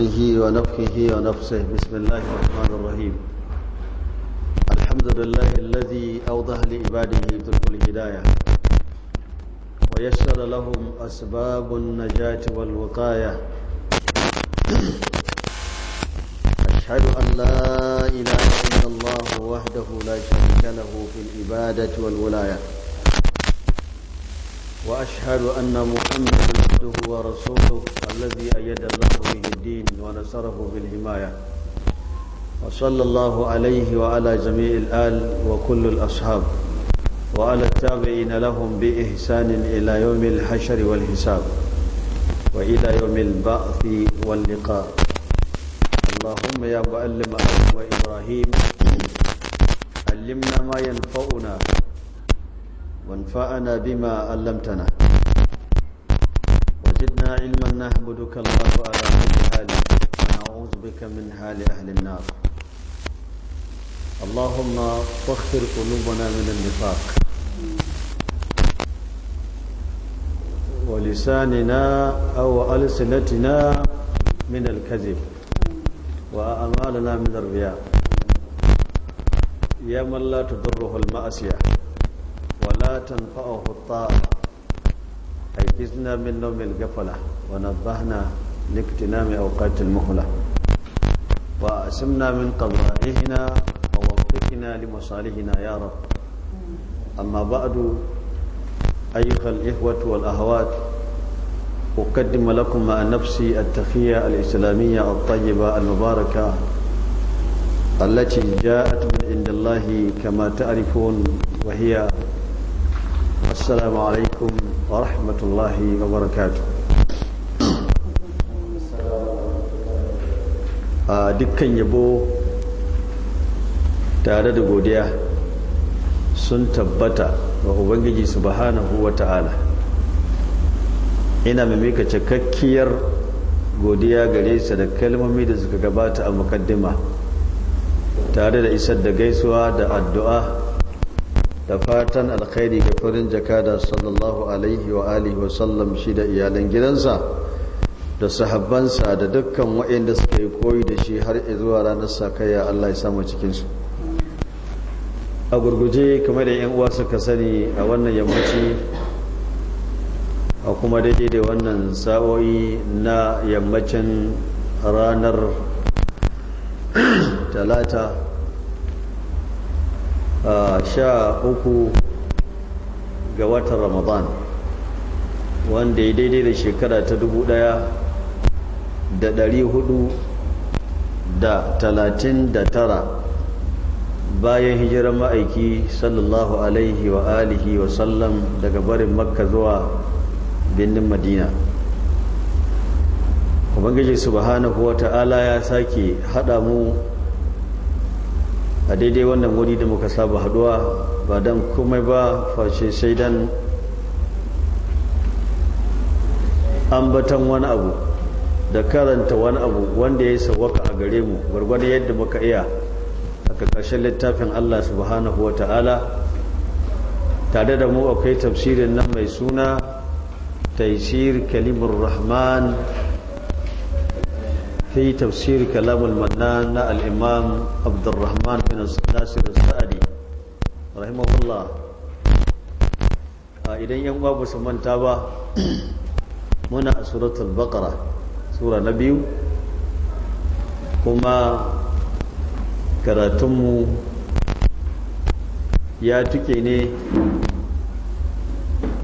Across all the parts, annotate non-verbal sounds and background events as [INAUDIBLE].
ذاته ونفخه ونفسه بسم الله الرحمن الرحيم الحمد لله الذي أوضح لعباده طرق الهداية ويسر لهم أسباب النجاة والوقاية أشهد أن لا إله إلا الله وحده لا شريك له في العبادة والولاية وأشهد أن محمدا عبده ورسوله الذي أيد الله به الدين ونصره بالحماية وصلى الله عليه وعلى جميع الآل وكل الأصحاب وعلى التابعين لهم بإحسان إلى يوم الحشر والحساب وإلى يوم البعث واللقاء اللهم يا معلم آدم وإبراهيم علمنا ما ينفعنا وانفعنا بما علمتنا وزدنا علما نعبدك الله على كل حال ونعوذ بك من حال أهل النار اللهم طهر قلوبنا من النفاق ولساننا أو ألسنتنا من الكذب وأعمالنا من الرياء يا من لا تضره المأسية ولا تنفعه الطاعة إذنا من نوم القفلة ونبهنا لاغتنام أوقات المهلة وأسمنا من قضائهنا ووفقنا لمصالحنا يا رب أما بعد أيها الإخوة والأهوات أقدم لكم مع نفسي التخية الإسلامية الطيبة المباركة التي جاءت من عند الله كما تعرفون وهي السلام عليكم ورحمة الله وبركاته a dukkan yabo tare da godiya sun tabbata ga ubangiji subhanahu wa ta'ala ina mai cikakkiyar godiya gare sa da kalmomi da suka gabata a mukaddima tare da isar da gaisuwa da addu'a da fatan alkhairi ga farin jakada sallallahu alaihi wa alihi wasallam shi da iyalan gidansa da sahabbansa da dukkan waɗanda suka yi koyi da shi har zuwa ranar sakayya Allah ya samu cikinsu a gurguje kamar da yan uwa suka sani a wannan yammaci a kuma daidai da wannan sa'o'i na yammacin ranar talata sha uku ga watan ramadan wanda ya daidai da shekara ta dubu daya da dari hudu da talatin da tara bayan hijirar ma'aiki sallallahu alaihi wa alihi wa sallam daga barin makka zuwa birnin madina ubangiji subhanahu wa ta'ala ya sake haɗa mu a daidai wannan wuri da muka saba haduwa ba don komai ba face sai don ambatan wani abu da karanta wani abu wanda ya sauwaka a gare mu gwargwadon yadda muka iya a ƙarƙashin littafin Allah subhanahu wa ta'ala tare da mu akwai tafsirin nan mai suna taisir kalimur rahman في تفسير كلام المنان na عبد الرحمن بن ناصر السعدي رحمه الله idan yan uwa su manta ba muna a suratul baqara sura na biyu kuma karatunmu ya tuke ne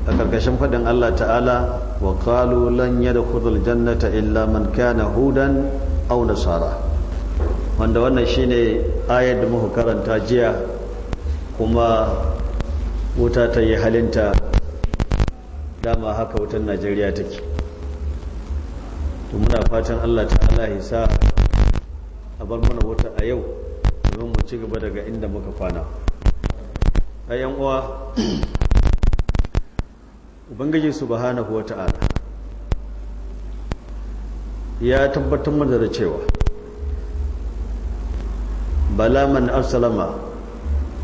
a ƙarƙashin faɗin Allah ta'ala وقالوا لن يدخل الجنة إلا من كان هودا أو نصارى wanda wannan shine ayar da muka karanta jiya kuma wuta ta yi halinta dama haka wutan najeriya take to muna fatan allah ta'ala ya sa a bar mana wuta a yau domin mu ci gaba daga inda muka kwana uwa ubangiji subhanahu wata'ala ya tabbatar mana da cewa bala man aslama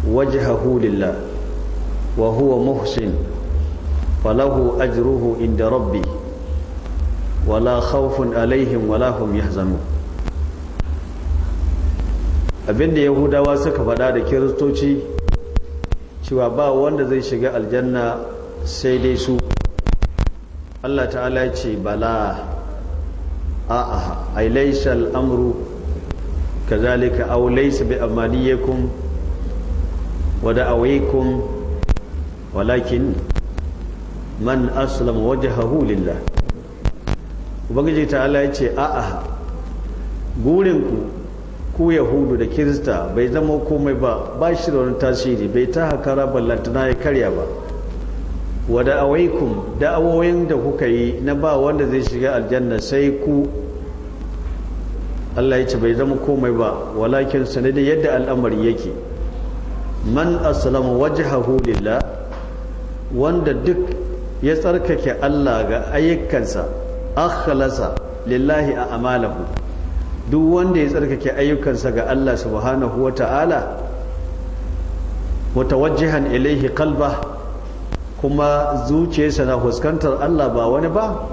wajhahu lillah wa huwa muhsin falahu ajruhu inda rabbi wala khawfun alaihim wala hum yahzanun abinda yahudawa suka faɗa da kiristoci cewa ba wanda zai shiga aljanna sai dai su Allah ta'ala ya ce bala a'a a laysa al-amru kazalika aw laysa bi amaniyakum wa da'awikum walakin man aslama wajhahu lillah ubangiji ta'ala ya ce a'a gurinku ku yahudu da kirista bai zama komai ba ba shi da wani tasiri bai ta hakara ballantana ya karya ba wa da'awaikum da'awoyin da kuka yi na ba wanda zai shiga aljanna sai ku Allah ya ce bai zama komai ba walakin da yadda al'amari yake man aslama wajhahu lillah wanda duk ya tsarkake Allah ga ayyukansa akhlasa lillahi a amalahu duk wanda ya tsarkake ayyukansa ga Allah subhanahu wata'ala mutawajjihan ilaihi qalbah kuma zuciyarsa na fuskantar Allah ba wani ba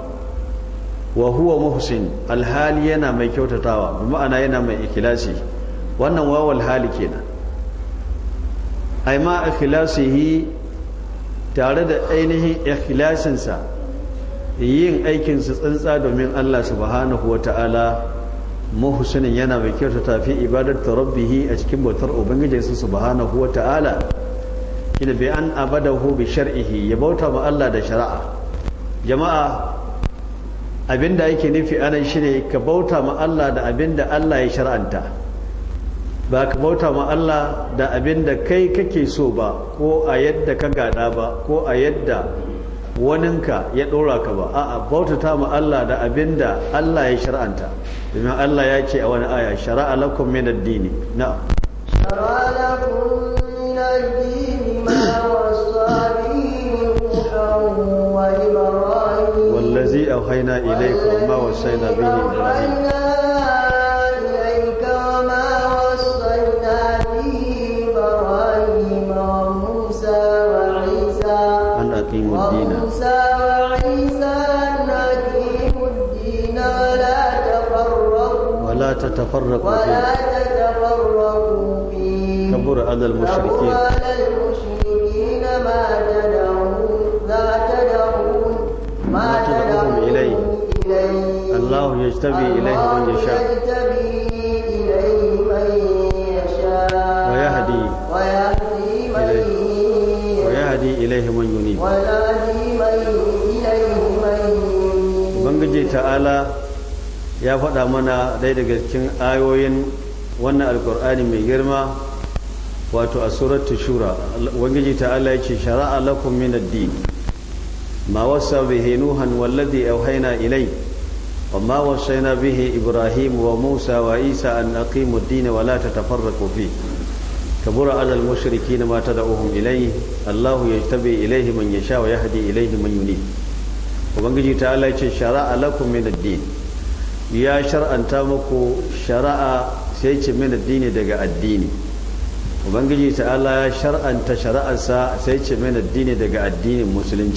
wa huwa muhsin alhali yana mai kyautatawa ma'ana yana mai ikhlasi wannan wawal hali kenan ai ma ikhlasihi tare da ainihin ikilasinsa yin aikinsa tsantsa domin Allah subhanahu ta'ala muhsinin yana mai kyautata fi ibadatu rabbih a cikin bautar ubangijinsa subhanahu ta'ala. shine bi an abadahu bi shar'ihi ya bauta ma Allah da shari'a jama'a abinda yake nufi anan shine ka bauta ma Allah da abinda Allah ya shar'anta ba ka bauta ma Allah da abinda kai kake so ba ko a yadda ka gada ba ko a yadda waninka ya dora ka ba a'a bautata ma Allah da abinda Allah ya shar'anta domin Allah ya ce a wani aya shara'a lakum min ad-dini na'am أوحينا إليك وما وصينا به إبراهيم الدين وموسى وعيسى الدين ولا تفرقوا ولا تتفرقوا فيه ولا تتفرقوا فيه كبر على المشركين المشركين ما تدعوا الله يجتبي إليه من يشاء ويهدي ويهدي إليه من ينيب Ubangiji ta'ala ya faɗa mana ɗaya daga cikin ayoyin wannan alkur'ani mai girma wato a surat shura Ubangiji ta'ala ya ce shara'a lakum min ad-din ma wasa bihi nuhan wallazi haina ilai? وما وصينا به إبراهيم وموسى وعيسى أن أقيموا الدين ولا تتفرقوا فيه كبر على المشركين ما تدعوهم إليه الله يجتبي إليه من يشاء ويهدي إليه من ينيب وبنجي تعالى شرع لكم من الدين يا شرع أنت مكو شرع سيك من الدين دقاء الدين وبنجي تعالى شرع أنت شرع سا سيك من الدين دقاء الدين المسلمين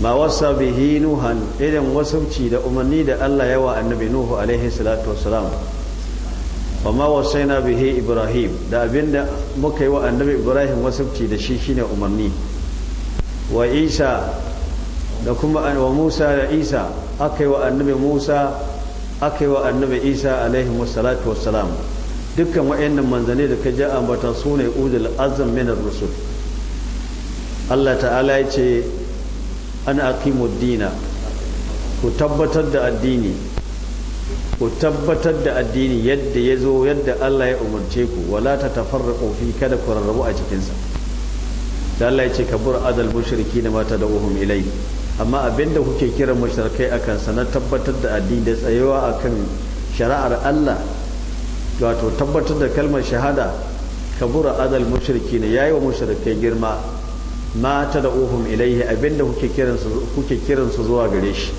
ma wasa bihi nuhan irin wasauci da umarni da Allah yawa annabi nuhu alaihi salatu wassalam wa ma wasaina bihi ibrahim da abinda muka yi wa annabi ibrahim wasauci da shi shine umarni wa isa da kuma wa musa da isa aka yi wa annabi musa aka yi wa annabi isa alaihi wassalatu wassalam dukkan wa'annan manzanni da ka ji ambata su ne azam min rusul Allah ta'ala ya ce an aqimu dina ku tabbatar da addini ku tabbatar da addini yadda ya yadda Allah ya umarce ku wala ta tafarraqu fi kada ku rarrabu a cikinsa da Allah ya ce kabur adal mushriki na mata da uhum ilai amma abinda kuke kiran mushrikai akan sa na tabbatar da addini da tsayawa akan shari'ar Allah wato tabbatar da kalmar shahada kabura adal mushriki ne yayi wa mushrikai girma ma ta da ohun ilaihi abinda kuke kiran su zuwa gare shi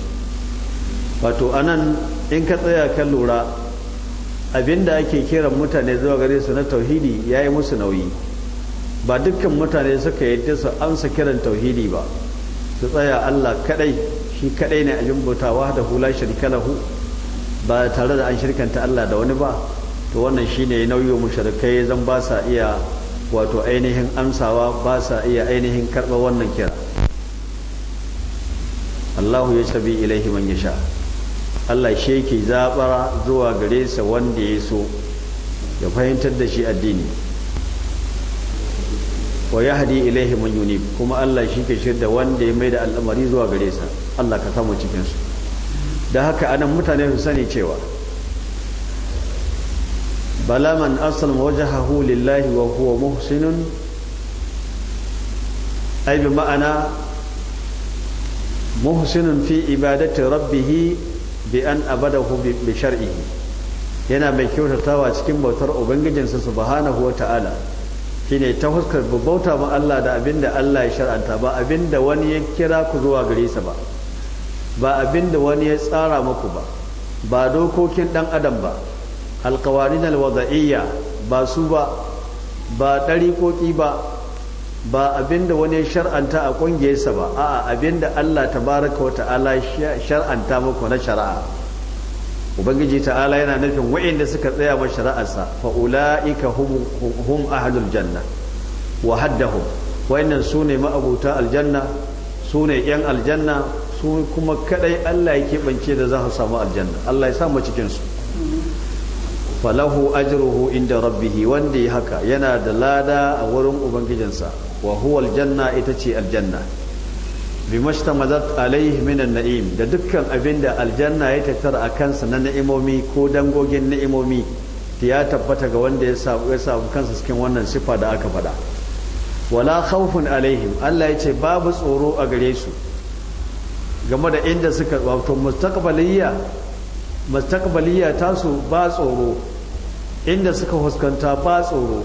wato anan in ka tsaya kan lura abinda ake kiran mutane zuwa gare su na tauhidi ya yi musu nauyi ba dukkan mutane suka yadda su amsa kiran tauhidi ba su tsaya allah kadai shi kadai ne abin butawa da hula shirka lahu ba tare da an shirkanta allah da wani ba to wannan shine nauyi wa zan ba sa iya wato ainihin amsawa ba sa iya ainihin karɓa wannan kira Allahu ya sabi ilaihi man yasha Allah shi yake zaɓara zuwa gare sa wanda ya so ya fahimtar da shi addini wa yahdi ilaihi man yunib kuma Allah shi ke shirya da wanda ya mai da al'amari zuwa gare sa Allah ka samu cikin su da haka anan mutane su sani cewa bala man aslama wajhahu lillahi wa huwa muhsinun ay bi ma'ana muhsinun fi ibadati rabbih bi an abadahu bi shar'ihi yana mai kyautatawa cikin bautar ubangijinsa subhanahu wa ta'ala shine ta huskar bauta wa Allah da abinda Allah ya shar'anta ba abinda wani ya kira ku zuwa gare ba ba abinda wani ya tsara maku ba ba dokokin ɗan adam ba alkawarin alwada'iyya ba su ba ba ɗariƙoƙi ba ba abinda wani shar'anta a ƙungiyarsa ba a'a abinda Allah ta baraka wa ta'ala shar'anta muku na shari'a ubangiji ta'ala yana nufin wa'inda suka tsaya ma shari'arsa fa ulaika hum ahlul janna wa haddahum su sune ma'abuta aljanna su ne yan aljanna su kuma kaɗai Allah ya keɓance da za su samu aljanna Allah ya samu cikinsu. cikin falahu ajruhu inda rabbihi wanda ya haka yana da lada a wurin ubangijinsa wa huwa aljanna ita ce aljanna bimashtamazat alaihi minan na'im da dukkan abinda aljanna ya tattara a kansa na na'imomi ko dangogin na'imomi ni'imomi ya tabbata ga wanda ya samu kansa cikin wannan sifa da aka faɗa wala khawfun alaihim Allah ya ce babu tsoro a gare su game da inda suka wato mustaqbaliyya mustaqbaliyya tasu ba tsoro inda suka huskanta ba tsoro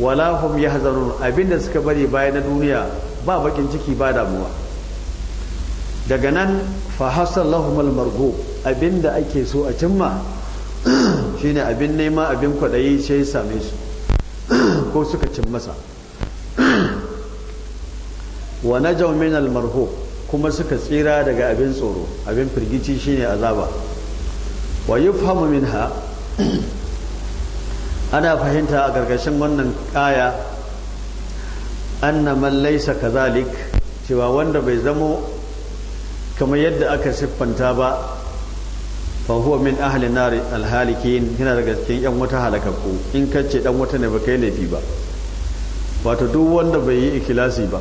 walahum ya hazarun abinda suka bari baya na duniya ba bakin ciki ba damuwa daga nan fa hasal abinda ake so a cimma [CLEARS THROAT] shine abin nema abin kwaɗayi sai ya same su [CLEARS THROAT] ko suka cin masa [CLEARS THROAT] wa najaw min kuma suka tsira daga abin tsoro abin firgici shine azaba wa yufhamu ha? ana fahimta a gargashin wannan kaya anna man laysa kazalik cewa wanda bai zamo kamar yadda aka siffanta ba fa huwa min ahli nar alhalikin yana daga cikin yan wata halakakku in kace dan wata ne baka yi laifi ba wato duk wanda bai yi ikilasi ba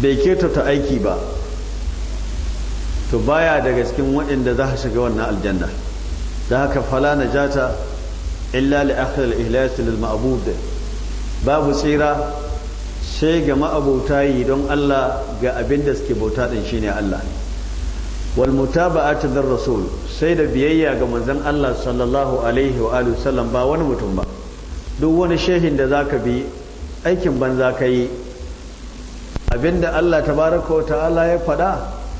bai ta aiki ba to baya daga cikin waɗanda za shiga wannan aljanna da haka fala najata illa li akhir al-ihlas lil babu tsira sai ga ma'abuta yi don Allah ga abin da suke bauta din shine Allah wal mutaba'atu dar rasul sai da biyayya ga manzon Allah sallallahu alaihi wa sallam ba wani mutum ba duk wani shehin da zaka bi aikin ban banza Abin abinda Allah tabaraka wa ta'ala ya faɗa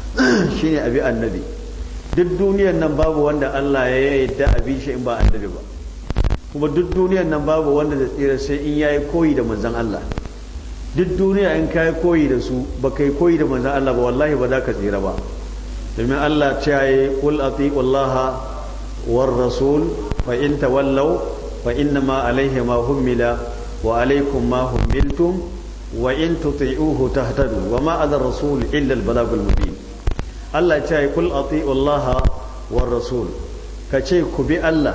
[CLEARS THROAT] shine abi annabi duk duniyar nan babu wanda Allah ya yadda abin shi in ba annabi ba kuma duk duniyar nan babu wanda da tsira sai in yayi koyi da manzon Allah duk duniya in ka yi koyi da su ba yi koyi da manzan Allah ba wallahi ba za ka tsira ba domin Allah ta ya yi ƙul ati wallaha war rasul fa in tawallaw fa inna ma alaihi ma hummila wa alaikum ma hummiltum wa in tuti'uhu tahtadu wa ma ala rasul illa al balagul mubin Allah ya ce kul ati'u Allah war rasul ka ce ku bi Allah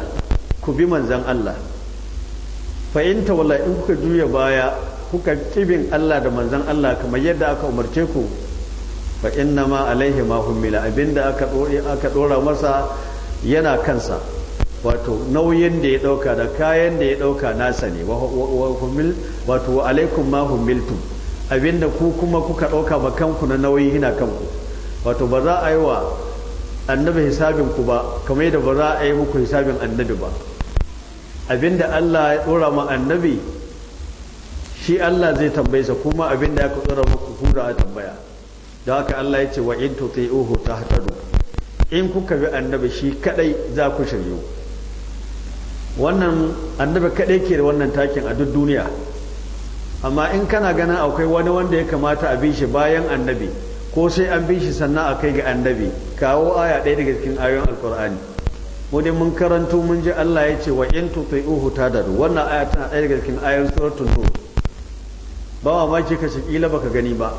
ku bi manzan Allah fa in tawalla in kuka juya baya kuka kibin Allah da manzan Allah kamar yadda aka umarce ku fa inna ma alaihi ma hummila abinda aka dore aka dora masa yana kansa wato nauyin da ya dauka da kayan da ya dauka nasa ne wato alaikum ma hummiltum abinda ku kuma kuka dauka ba kanku na nauyi hina kanku wato ba za a yi wa annabi hisabin ku ba kamar yadda ba za a yi muku hisabin annabi ba abinda Allah ya tsora ma annabi shi Allah zai tambaye sa kuma abinda ya dora muku ku a tambaya da haka Allah ya ce wa in tuti'uhu tahtadu in kuka bi annabi shi kadai za ku shiryu wannan annabi kadai ke da wannan takin a duk duniya amma in kana ganin akwai wani wanda ya kamata a bi shi bayan annabi ko sai an bin shi sannan a kai ga annabi kawo aya ɗaya daga cikin ayoyin alkur'ani mu dai mun karanto mun ji Allah ya ce wa in tuti'uhu tadaru wannan aya tana ɗaya daga cikin ayoyin suratul nur ba mamaki ka shi kila baka gani ba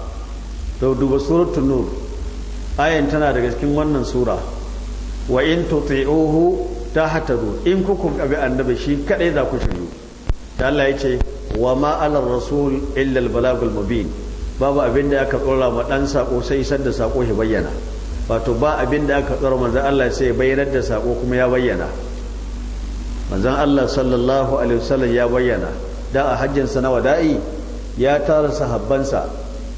to duba suratul nur ayan tana daga cikin wannan sura wa in ta tahtadu in kuku bi annabi shi kadai za ku shiryu da Allah ya ce wa ma'alar rasul illa al balagul mubin babu abin da aka tsora ma dan sako sai isar da sako shi bayyana wato ba abin da aka tsora manzon Allah sai bayyanar da sako kuma ya bayyana manzon Allah sallallahu alaihi wasallam ya bayyana da a sa na wada'i ya tara sahabbansa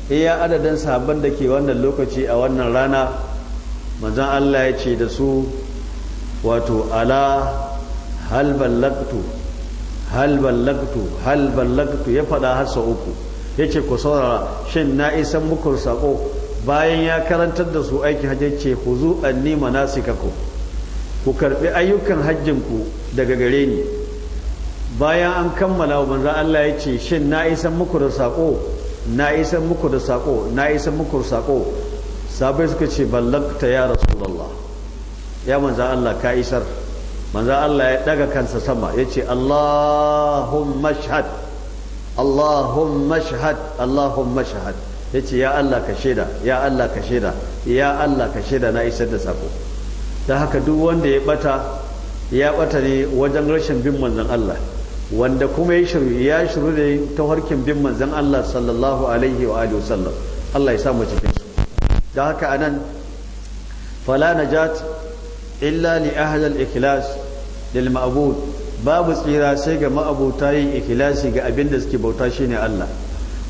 iya eh, adadin sahabban da ke wannan lokaci a wannan rana manzon Allah ya ce da su wato ala hal ballagtu hal ballagtu hal ballagtu ya faɗa har sa uku yace ku saurara shin na isan muku sako bayan ya karantar da su aiki hajji ce ku zu anni manasikaku ku karɓi ayyukan hajjin ku daga gare ni bayan an kammala manzon Allah ya ce shin na isan muku da sako na isan muku da sako na isan muku da sako sabai suka ce ballanta ya rasulullah ya manzon Allah ka isar manzon Allah ya daga kansa sama yace Allahumma shahad Allahumma shahad Allahumma shahad yace ya Allah ka shaida ya Allah ka shaida ya Allah ka shaida na isar da sako ta haka duk wanda ya bata ya bata ne wajen rashin bin manzon Allah wanda kuma ya shiru ya shiru da ta harkin bin manzon Allah sallallahu alaihi wa alihi wasallam Allah ya sa mu cikin su da haka anan fala najat illa li ahli al-ikhlas lil ma'bud babu tsira sai ga ma'abuta yin ikhlasi ga abin da suke bauta shine Allah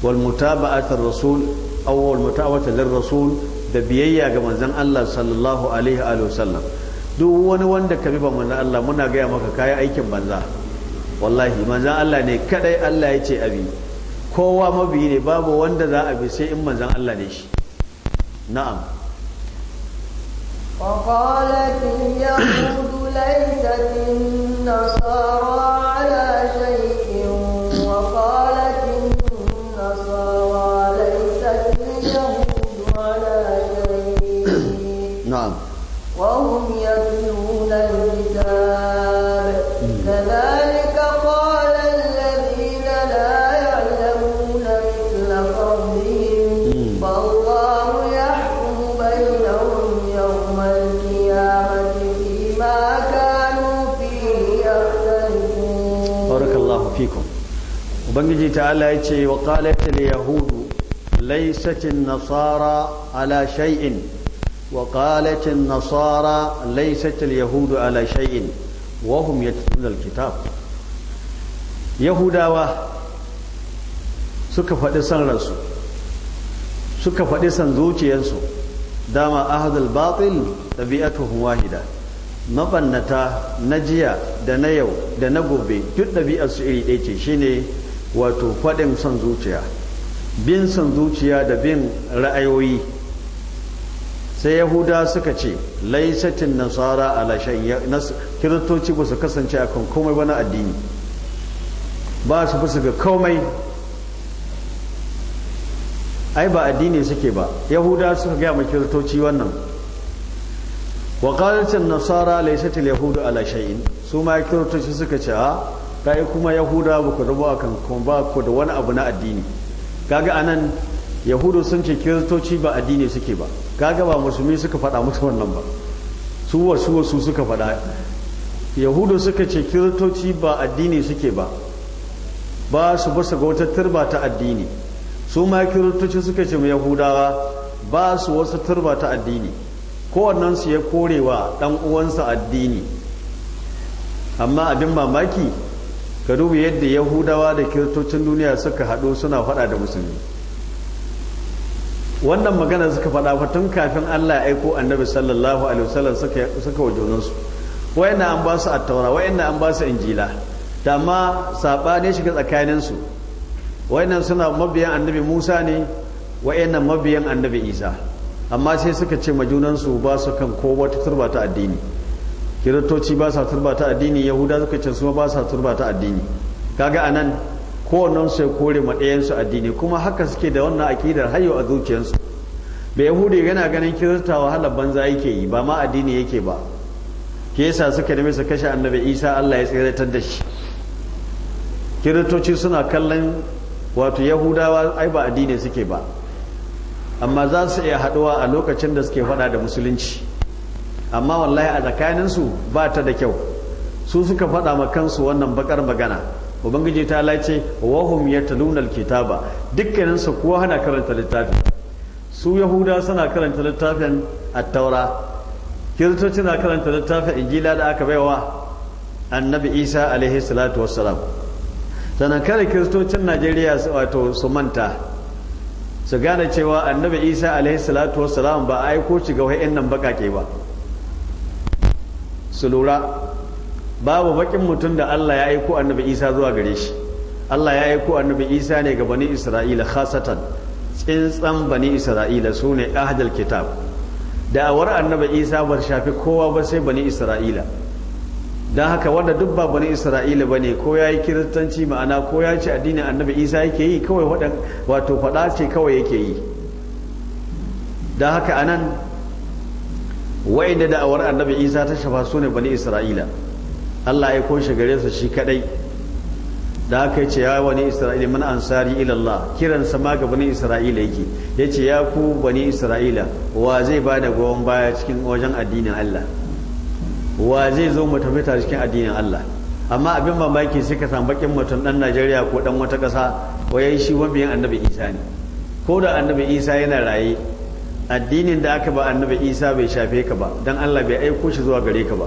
wal mutaba'atar rasul aw mutaba'atar lir rasul da biyayya ga manzon Allah sallallahu alaihi wa sallam duk wani wanda ka bi ba manzon Allah muna gaya maka kayan aikin banza wallahi manzon Allah ne kadai Allah ya ce abi kowa mabiyi ne babu wanda za a bi sai in manzon Allah ne shi na'am وقالت اليهود ليست النصارى fikum ubangiji ta'ala ya ce wa qalat yahudu laysat an nasara ala shay'in wa qalat an nasara laysat yahudu ala shay'in wa hum yatluna kitab yahudawa suka faɗi san ransu suka faɗi san zuciyarsu dama ahadul batil tabi'atuhum wahida mabannata na jiya da na yau da na gobe duk ɗabi'ar su iri ɗaya ce shine wato faɗin son zuciya bin son zuciya da bin ra'ayoyi sai yahuda suka ce laisatin nasara ala kiristoci ba su kasance a kan komai wani addini ba su fi ga komai ai ba addini suke ba yahuda suka gaya ma kiristoci wannan wa qalatin nasara laysat al-yahudu ala shay'in su ma kiristoci suka ce a ah, kai kuma yahuda ba ku rubu akan kuma ba ku da wani abu na addini kaga anan yahudu sun ce kiristoci ba addini suke ba kaga ba musulmi suka faɗa musu wannan ba su wasu wasu suka faɗa yahudu suka ce kiristoci ba addini suke ba ba su basu ga wata turba ta addini su ma kiristoci suka ce mu yahudawa ba su wasu turba ta addini su ya kore wa ɗan uwansa addini amma abin mamaki ka duba yadda yahudawa da kiristocin duniya suka haɗo suna faɗa da musulmi wannan magana suka faɗa fatun kafin allah ya aiko annabi sallallahu alaihi wasallam suka wa junansu wayanna an ba su attaura wayanna an ba su injila da ma ne shiga tsakaninsu wayannan suna mabiyan annabi musa ne wayannan mabiyan annabi isa amma sai suka ce majunansu ba su kan ko wata turba ta addini kiristoci ba sa turba ta addini yahuda suka ce su ba sa turba ta addini kaga anan kowannan su ya kore ma ɗayansu addini kuma haka suke da wannan akidar hayo a zuciyarsu da yahudi yana ganin kirista wahalar banza yake yi ba ma addini yake ba ke yasa suka nemi su kashe annabi isa allah ya tsiratar da shi kiristoci suna kallon wato yahudawa ai ba addini suke ba amma za su iya haɗuwa a lokacin da suke faɗa da musulunci amma wallahi a tsakaninsu ba ta da kyau su suka faɗa ma kansu wannan bakar magana ubangiji ta lace wahum nuna kitaba dukkaninsu kuwa hana karanta littafi su yahuda suna karanta littafin attaura taura kiristoci na karanta littafin injila da aka baiwa annabi isa alaihi salatu wassalam sannan kare kiristocin najeriya wato su manta su gane cewa annabi isa alaihi salatu ba a aiko shi ga wa'in nan bakake ba su lura babu bakin mutum da allah ya aiko annabi isa zuwa gare shi allah ya aiko annabi isa ne ga bani isra'ila khasatan tsintsan bani isra'ila su ne ahadal kitab awar annabi isa ba shafi kowa ba sai bani isra'ila don haka wanda duk ba bani isra'ila ba ne ko ya yi kiristanci ma'ana ko ya ci addinin annabi isa yake yi kawai waɗan wato faɗa ce kawai yake yi don haka a nan wa'inda da'awar annabi isa ta shafa su ne bani isra'ila allah ya kunshi gare su shi kaɗai da haka ce ya wani isra'ila mana ansari ilallah kiran sama ga bani isra'ila yake ya ce ya ku bani isra'ila wa zai ba da goyon baya cikin wajen addinin allah wa zai zo mu tafi tare cikin addinin Allah amma abin mamaki sai ka samu bakin mutum dan Najeriya ko dan wata ƙasa waye shi mabiyin annabi Isa ne ko da annabi Isa yana raye addinin da aka ba annabi Isa bai shafe ka ba dan Allah bai aiko shi zuwa gare ka ba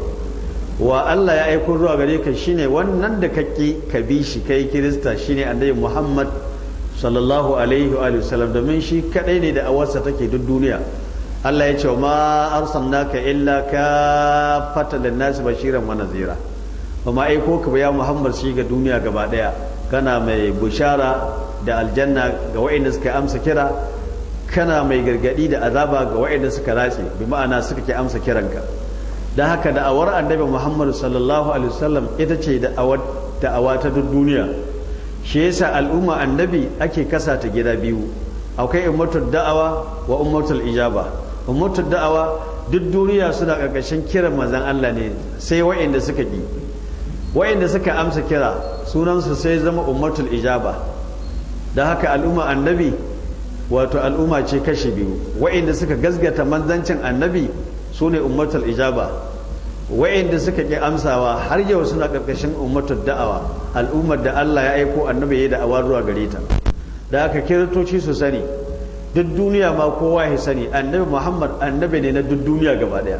wa Allah ya aiko zuwa gare ka shine wannan da kake ka bi shi kai Kirista shine annabi Muhammad sallallahu alaihi wa sallam domin shi kadai ne da awarsa take duk duniya Allah ya ce wa ma naka illa ka fata da nasi bashiran wa nazira ba ma aiko ka ya Muhammad shi ga duniya gaba daya kana mai bushara da aljanna ga wa'inda suka amsa kira kana mai gargadi da azaba ga wa'inda suka race bi ma'ana suka ke amsa kiranka da haka da'awar annabi Muhammad sallallahu alaihi wasallam ita ce da'awa ta duk duniya shi yasa al'umma annabi ake kasa gida biyu akwai ummatul da'awa wa ummatul ijaba ummatul da'awa duk duniya suna karkashin kiran mazan Allah ne sai wa'inda suka ki wa'inda suka amsa kira sunansu sai zama ummatul ijaba da haka al'umma annabi wato al'umma ce kashi biyu wa'inda suka gazgata manzancin annabi su ne ummatul ijaba wa'inda suka ƙi amsawa har yau suna ƙarƙashin ummatul da'awa al'ummar da Allah ya aiko annabi ya da'awa zuwa gare ta da haka kiristoci su sani duk duniya ma kowa ya sani annabi muhammad annabi ne na duk duniya gaba daya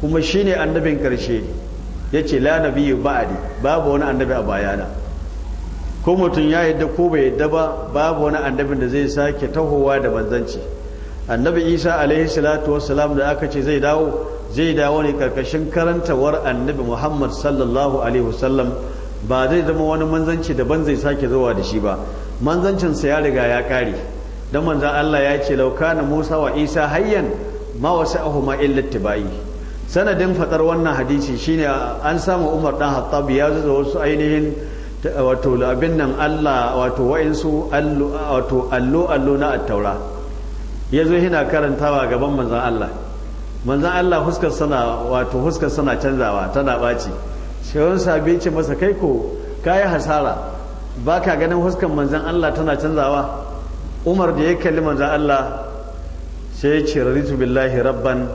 kuma shine annabin karshe ya ce la nabiyyu ba'adi babu wani annabi a bayana ko mutum ya yadda ko bai yadda ba babu wani annabin da zai sake tahowa da manzanci annabi isa alaihi salatu wassalam da aka ce zai dawo zai dawo ne karkashin karantawar annabi muhammad sallallahu alaihi wasallam ba zai zama wani manzanci daban zai sake zuwa da shi ba manzancinsa ya riga ya kare don manzan Allah ya ce lauka na Musa wa Isa hayyan ma wasu wasa'uhuma illa tibai sanadin fadar wannan hadisi shine an samu Umar dan Hattab ya zo wasu ainihin wato abin nan Allah wato wa'insu wato allo allo na attaura ya zo yana karantawa gaban manzan Allah manzan Allah huskar sana wato huskar sana canzawa tana ɓaci shehun sabi ce masa kai ko kayi hasara ba ka ganin huskar manzan Allah tana canzawa umar da ya kalli manzan Allah sai ya ce raditu billahi rabban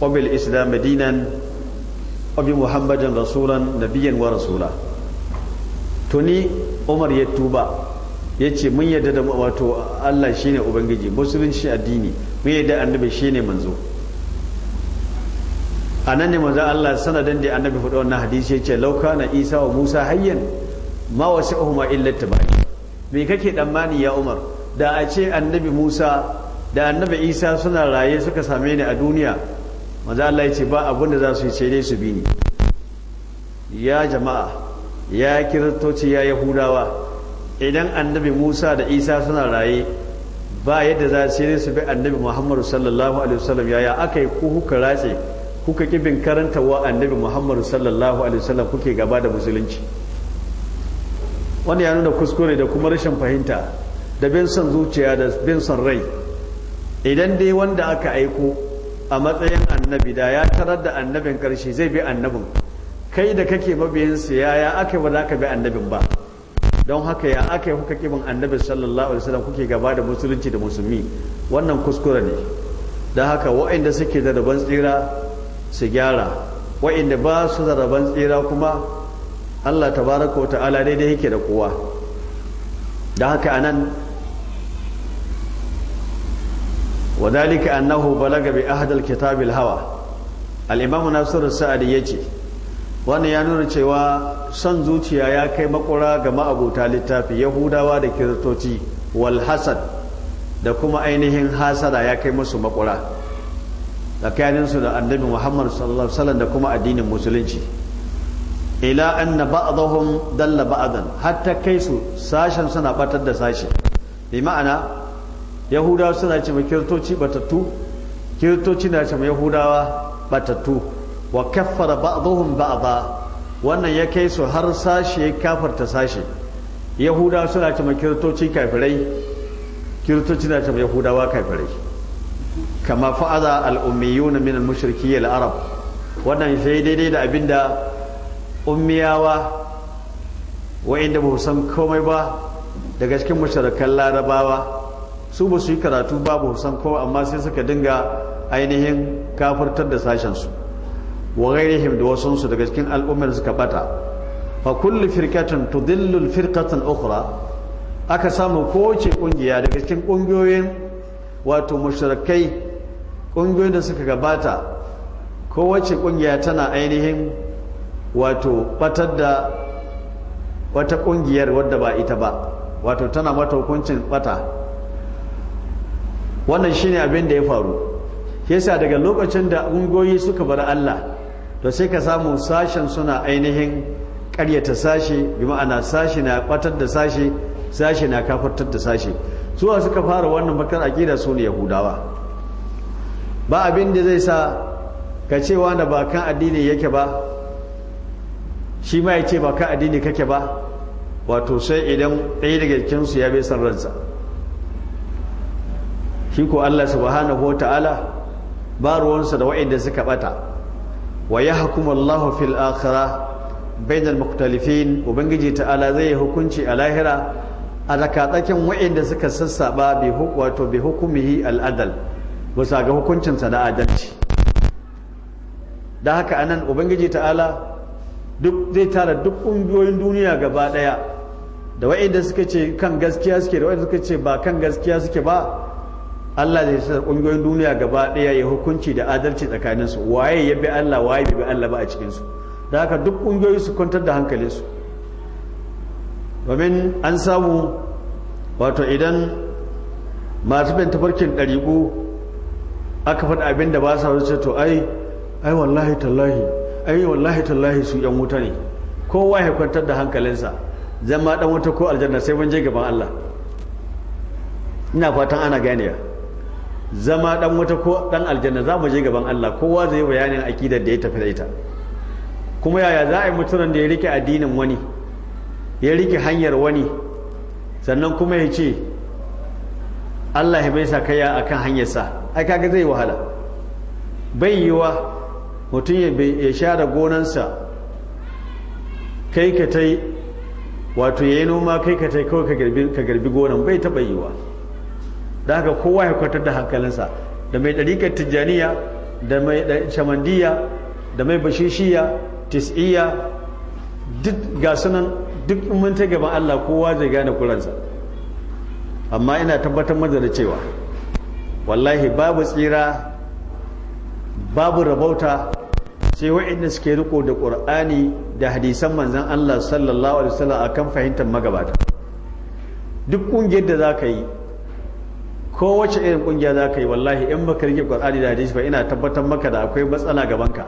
wabil islam dinan wabi muhammadin rasulan nabiyan wa rasula tuni umar ya tuba ya ce mun yadda da wato Allah shine ubangiji musulunci addini mun yadda annabi shine manzo a nan ne manzan Allah sanadin da annabi faɗa wannan hadisi ya ce lauka na isa wa musa hayyan ma wasu ohuma illa tabai me kake tsammani ya umar da a ce annabi musa da annabi isa suna raye suka same ni a duniya maza Allah ya ce ba abin da za su yi sai dai su bi ni ya jama'a ya kiristoci ya yahudawa idan annabi musa da isa suna raye ba yadda za su yi su bi annabi muhammadu sallallahu alaihi wasallam yaya aka yi ku kuka ratse kuka kibin karanta wa annabi muhammadu sallallahu alaihi wasallam kuke gaba da musulunci wanda ya nuna kuskure da kuma rashin fahimta da bin son zuciya da bin son rai idan dai wanda aka aiko a matsayin annabi da ya tarar da annabin karshe zai bi annabin kai da kake mabiyansa ya ya aka ba za ka bi annabin ba don haka ya aka yi kuka kibin annabi sallallahu alaihi wasallam kuke gaba da musulunci da musulmi wannan kuskure ne don haka wa'inda suke da rabon tsira su gyara wa'inda ba su da rabon tsira kuma Allah tabaraka wa ta'ala daidai yake da kowa da haka anan وذلك أنه بلغ بأحد الكتاب الهوى الإمام Nasiru Sa'adi يجي wannan ya nuna cewa son zuciya ya kai makura ga ma'abuta littafi yahudawa da kiristoci wal hasad da kuma ainihin hasada ya kai musu makura tsakaninsu da annabi muhammad sallallahu alaihi wasallam da kuma addinin musulunci ila anna ba'dahum dalla ba'dan hatta kai su sashen suna batar da sashi bi ma'ana yahudawa suna ce kiristoci batattu kiristoci na ce yahudawa batattu wa kaffara ba'dahum ba'da wannan ya kai su har sashi ya kafarta sashi yahudawa suna ce kiristoci kafirai kiristoci na ce yahudawa kafirai kama fa'ada al-ummiyuna min al-mushrikiyya arab wannan sai daidai da abinda ummiyawa wa'inda ba san komai ba daga cikin musharakan larabawa su ba su yi karatu ba ba san komai amma sai suka dinga ainihin kafirtar da sashensu wa ghairihim da su daga cikin al'ummar suka bata fa kullu firqatan tudillu firqatan ukhra aka samu kowace kungiya daga cikin kungiyoyin wato mushrikai kungiyoyin da suka gabata kowace kungiya tana ainihin wato fatar da wata kungiyar wadda ba ita ba wato tana mata hukuncin bata wannan shine abin da ya faru yasa daga lokacin da ungoyi suka bar Allah to sai ka samu sashen suna ainihin karyata sashi bi ma'ana sashi na kwatar da sashi sashi na kafartar da sashi su suka fara wannan bakar akida su ne yahudawa ba abin da zai sa ka ce wanda ba kan addini yake ba shi ma ya ce ba ka addini kake ba wato sai idan ɗaya daga cikinsu ya bai san ransa shi ko Allah subhanahu ta'ala ba ruwansa da wa'inda suka bata wa ya hakuma Allahu fil akhirah bainal mukhtalifin ubangiji ta'ala zai yi hukunci a lahira a zakatsakin wa'inda suka sassaba bi wato bi hukumihi al'adal musa ga hukuncinsa na adalci da haka anan ubangiji ta'ala duk zai tara duk ƙungiyoyin duniya gaba ɗaya da wa'inda suka ce kan gaskiya suke da wa'inda suka ce ba kan gaskiya suke ba Allah zai sa ƙungiyoyin duniya gaba ɗaya ya hukunci da adalci tsakanin su waye ya bi Allah waye bi Allah ba a cikinsu da haka duk ƙungiyoyi su kwantar da hankalinsu domin an samu wato idan masu bin tafarkin ɗariƙu aka faɗa abin da ba sa wuce to ai ai wallahi tallahi ayi wallahi tallahi su yan wuta ne kowa ya kwantar da hankalinsa zama dan wuta ko aljanna sai mun je gaban Allah ina fatan ana ganiya zama dan wuta ko dan aljanna za mu je gaban Allah kowa zai yi bayanin akidar da ya tafi da ita kuma yaya za a yi mutumin da ya rike addinin wani ya rike hanyar wani sannan kuma ya ce Allah ya bai sa kaya akan hanyarsa ai kaga zai wahala bai yiwa mutum ya share gonansa kai ka tai wato ya yi noma kai ka tai kawai ka garbi gonan bai taɓa wa. da haka kowa ya kwantar da hankalinsa da mai ɗarikar tijjaniya da mai shamandiya da mai bashishiya tis'iya duk ga sunan duk mun ta gaban Allah kowa zai gane kuransa amma ina tabbatar maza da cewa wallahi babu tsira babu rabauta sai wa'inda suke riko da ƙur'ani da hadisan manzan Allah sallallahu alaihi wasallam kan fahimtar magabata duk ƙungiyar da za ka yi ko wacce irin ƙungiya za ka yi wallahi in baka rike ƙur'ani da hadisi ba ina tabbatar maka da akwai matsala gabanka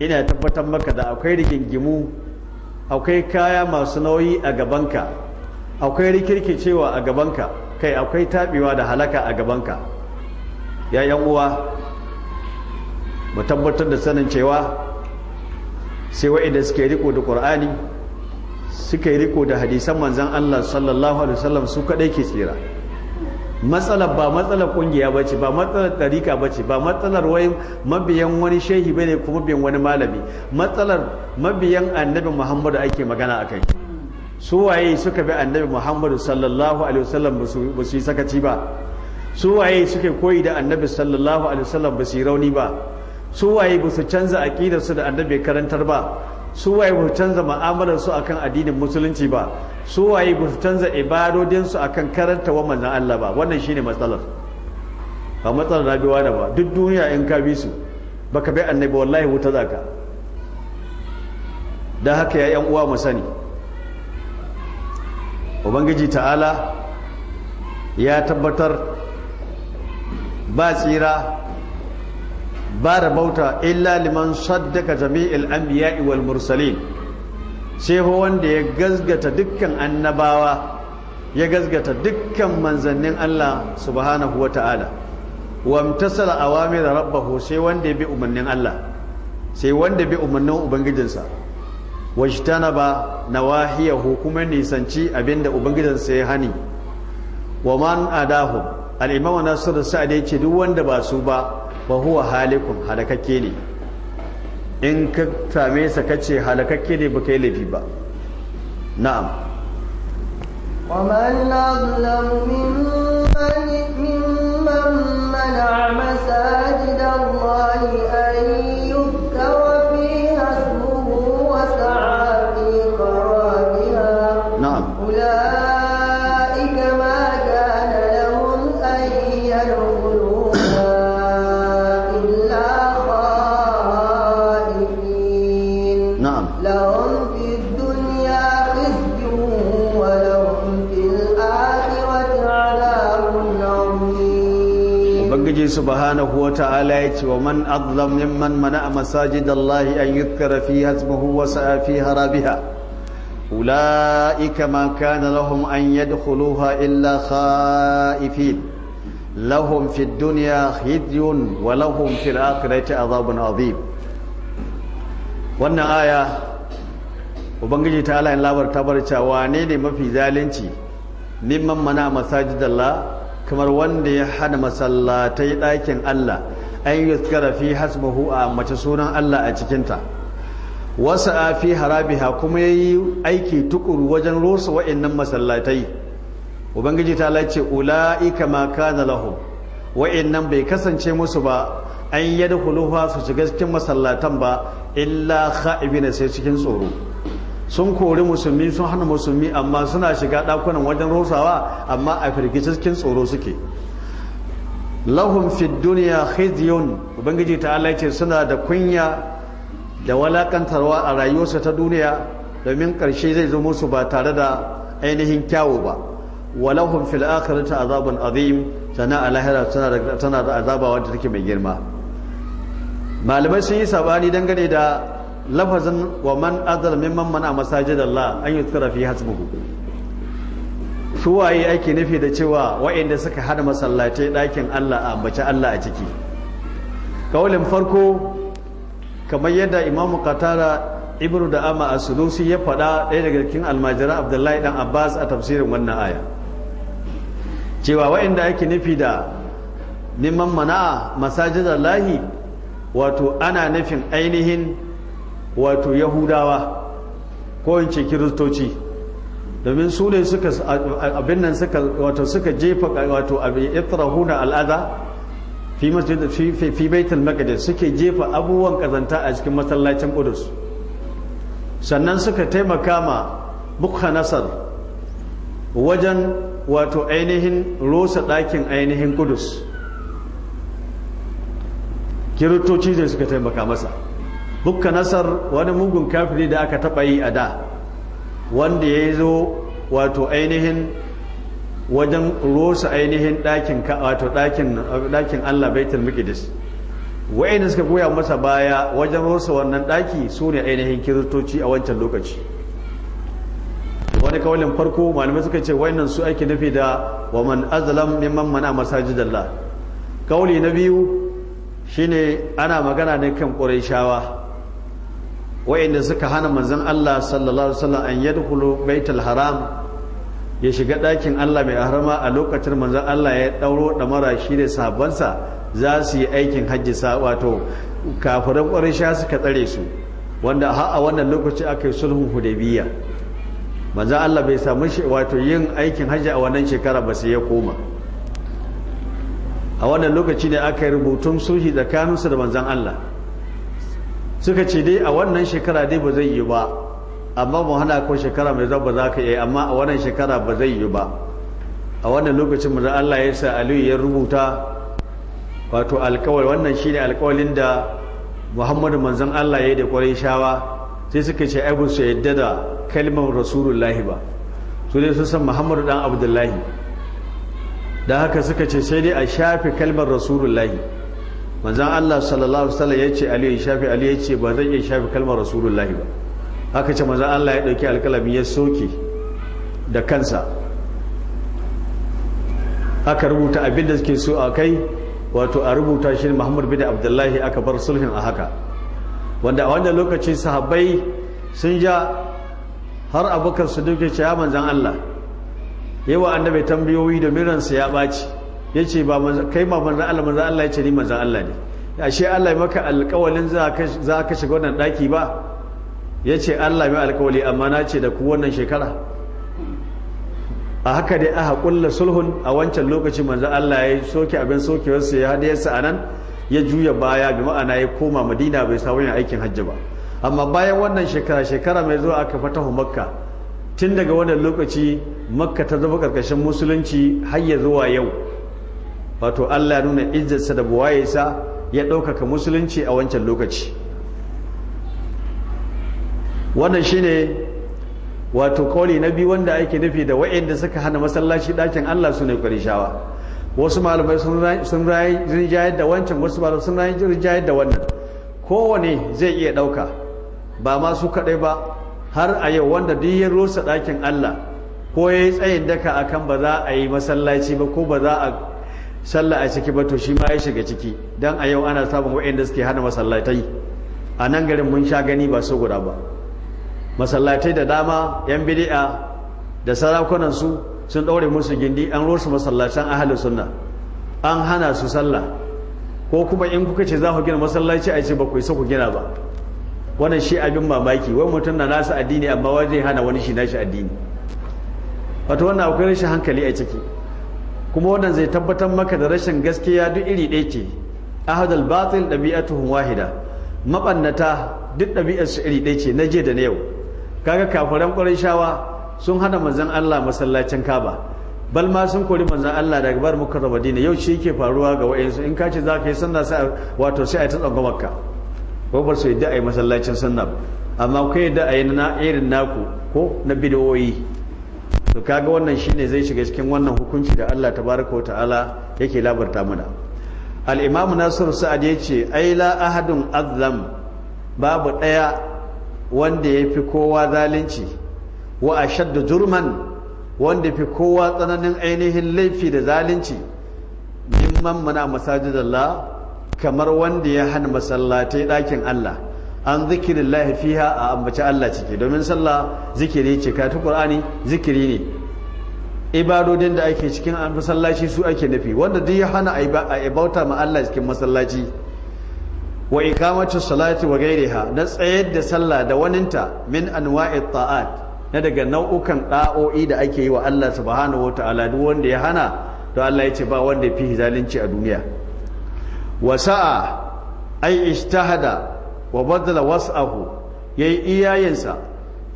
ina tabbatar maka da akwai rigingimu akwai kaya masu nauyi a gabanka akwai rikirkicewa a gabanka kai akwai taɓewa da halaka a gabanka ya uwa mu tabbatar da sanin cewa sai wa'ida suke riko da ƙur'ani suke riko da hadisan manzan Allah sallallahu alaihi wasallam su kadai ke tsira matsalar ba matsalar kungiya bace ba matsalar ɗarika bace ba matsalar wai mabiyan wani shehi bane ko mabiyan wani malami matsalar mabiyan annabi Muhammadu ake magana kai. su waye suka bi annabi muhammadu sallallahu alaihi wasallam ba su yi sakaci ba su waye suka koyi da annabi sallallahu alaihi wasallam ba su yi rauni ba su waye ba su canza aƙidar su da annabi karantar ba su waye ba su canza mu'amalar su akan addinin musulunci ba su waye ba su canza ibadodin su akan karanta wa manzon Allah ba wannan shine matsalar ba matsalar rabiwa da ba duk duniya in ka bi su baka bai annabi wallahi wuta zaka dan haka ya yan uwa mu sani ubangiji ta'ala ya tabbatar ba tsira ba da bauta illa liman saddaka jami'il anbiya'i wal mursalin sai wanda ya gazgata dukkan annabawa ya gazgata dukkan manzannin Allah subhanahu wata'ala wamtasala awamir rabbahu sai wanda ya bi umarnin Allah sai wanda bi umarnin ubangijinsa wajtana ba nawahiya hukumar nisanci abinda ubangijinsa ya hani wa man adahu al-imam nasir sa'di ce duk wanda ba su ba fa huwa halikun halakakke ne in ka same sa ka ce halakakke ne baka yi laifi ba na'am ومن أظلم ممن ممن منع مساجد الله أن يذكر subhanahu wa ta'ala ya ce wa man azlam mimman mana masajidallahi an yuzkara fi hasbuhu wa sa'a fi harabiha ulaika ma kana lahum an yadkhuluha illa khaifin lahum fid dunya khizyun wa lahum fil akhirati azabun azim wannan aya ubangiji ta Allah in labar tabarca wane ne mafi zalunci mimman mana masajidallah kamar wanda ya hada masallatai ɗakin Allah an yi fi hasbuhu a mace sunan Allah a cikinta wasu a fi harabiha kuma ya yi aiki tukuru wajen rusa wa'annan masallatai ubangiji ta lace ula'ika ma kana lahum wa'annan bai kasance musu ba an yi yadkhuluha su shiga cikin masallatan ba illa kha'ibina sai cikin tsoro sun kori musulmi sun hana musulmi amma suna shiga ɗakunan wajen rosawa amma a firgice cikin tsoro suke lahum fi duniya khizyun ubangiji ta Allah ce suna da kunya da walakantarwa a rayuwarsa ta duniya domin ƙarshe zai zo musu ba tare da ainihin kyawu ba walahum fil akhirati azabun azim sana a lahira tana da azaba wadda take mai girma malamai sun yi sabani dangane da lafazin wa man azal mimman masajid Allah an yi tsara fi hasbuhu su waye ake nufi da cewa waɗanda suka hada masallatai ɗakin Allah a bace Allah a ciki kaulin farko kamar yadda imamu katara ibnu da ama asulusi ya faɗa ɗaya daga cikin almajira abdullahi dan abbas a tafsirin wannan aya cewa waɗanda ake nufi da mimman mana'a lahi wato ana nufin ainihin wato yahudawa ko in ce kiristoci domin su ne suka abin nan suka wato suka jefa wato abin itrahuna al'ada fi masjid fi fi baitul maqdis suke jefa abubuwan kazanta a cikin masallacin qudus sannan suka taimaka ma bukha nasar wajen wato ainihin rosa dakin ainihin qudus kiristoci ne suka taimaka masa bukka nasar wani mugun kafiri da aka taɓa yi a da wanda ya zo wato ainihin wajen rosa ainihin ɗakin wato ɗakin allah baitul maqdis wa'ina suka goya masa baya wajen rosa wannan ɗaki su ne ainihin kiristoci a wancan lokaci wani kawalin farko malamai suka ce wa'inan su ake nufi da wa man azalam mimman mana masajidallah kawali na biyu shine ana magana ne kan shawa. wayanda suka hana manzon Allah sallallahu alaihi wasallam an yadkhulu baitul haram ya shiga ɗakin Allah mai harama a lokacin manzon Allah ya dauro damara shi da sahabbansa za su yi aikin hajji sa wato kafiran ƙwarisha suka tsare su wanda har a wannan lokaci aka yi sulhun hudaybiya manzon Allah bai samu wato yin aikin hajji a wannan shekara ba sai ya koma a wannan lokaci ne aka yi rubutun sulhi tsakaninsu da manzon Allah suka ce dai a wannan shekara dai ba zai yi ba amma mu hana ko shekara mai zaba za ka yi amma a wannan shekara ba zai yi ba a wannan lokacin mu Allah ya sa Aliyu ya rubuta wato alkawal wannan shi ne alkawalin da Muhammadu manzon Allah ya yi da shawa sai suka ce ai su yadda da kalmar rasulullahi ba su dai sun san muhammadu dan abdullahi da haka suka ce sai dai a shafe kalmar rasulullahi manzan Allah sallallahu alaihi wasallam ya ce aliyu shafi Ali ce ba zan iya shafi kalmar rasulullahi ba aka ce manzan Allah ya ɗauki alkalami ya soke da kansa aka rubuta abin da suke so a kai wato a rubuta shi Muhammad bin Abdullahi aka bar sulhin a haka wanda a wannan lokacin sahabbai sun ja har abokan su duke ce ya manzan Allah yawa annabi tambayoyi da miransa ya ɓaci ya ce kai ma manzan Allah manzan Allah ya ce ni manzan Allah ne ashe Allah maka alƙawalin za ka shiga wannan daki ba ya ce Allah mai alkawali amma na ce da ku wannan shekara a haka dai aka kulla sulhun a wancan lokaci manzan Allah ya soke abin wasu ya haɗe yasa a nan ya juya baya bi ma'ana ya koma madina bai sa wani aikin hajji ba amma bayan wannan shekara shekara mai zuwa aka fata fatahu makka tun daga wannan lokaci makka ta zama ƙarƙashin musulunci har ya zuwa yau wato Allah ya nuna izzarsa da buwayesa ya ɗaukaka musulunci a wancan lokaci wannan shine wato kauli na biyu wanda ake nufi da wa'inda suka hana masallaci ɗakin Allah su ne ƙarishawa wasu malamai sun rinjayar da wancan wasu malamai sun rinjayar da wannan kowane zai iya ɗauka ba ma su kaɗai ba har a yau wanda duk ya rusa ɗakin Allah ko ya yi tsayin daka akan ba za a yi masallaci ba ko ba za a sallah a ciki ba to shi ma ya shiga ciki dan a yau ana samun waɗanda suke hana masallatai a nan garin mun sha gani ba su guda ba masallatai da dama yan bid'a da sarakunan su sun ɗaure musu gindi an rusa masallacin ahalin sunna an hana su sallah ko kuma in kuka ce za ku gina masallaci a ce ba ku isa ku gina ba wannan shi abin mamaki Wai mutum na nasu addini amma wani hana wani shi nashi addini wato wannan akwai rashin hankali a ciki kuma wannan zai tabbatar maka da rashin gaskiya duk iri ɗaya ce ahadul batil ɗabi'atuhum wahida mabannata duk su iri ɗaya ce na je da na yau kaga kafiran shawa sun hana manzon Allah masallacin Kaba bal ma sun kori manzon Allah daga bar muka Madina yau shi yake faruwa ga wayansu in ka ce za ka yi sunna sai wato sai a ta tsangwamar makka ko ba su yadda a yi masallacin sunna amma kai yadda a yi na irin naku ko na bidiyoyi to kaga wannan shine zai shiga cikin wannan hukunci da Allah tabaraka wa ta'ala yake labarta mana al-imamu nasiru sa'ad ya ce aila ahadun azlam babu daya wanda ya fi kowa zalunci wa ashaddu jurman wanda fi kowa tsananin ainihin laifi da zalunci mimman mana masajidallah kamar wanda ya hana masallatai ɗakin Allah an zikirin lahi fiha a ambaci Allah ciki domin sallah zikiri ce katu ƙur'ani zikiri ne ibadodin da ake cikin masallaci su ake nufi wanda duk ya hana a bauta ma Allah cikin masallaci wa ikamatu salati wa gairiha na tsayar da sallah da waninta min anwa'i ta'at na daga nau'ukan ɗa'o'i da ake yi wa Allah subhanahu wata'ala duk wanda ya hana to Allah ya ce ba wanda ya fi zalunci a duniya wasa'a ai ishtahada wa badala was'ahu yi iyayensa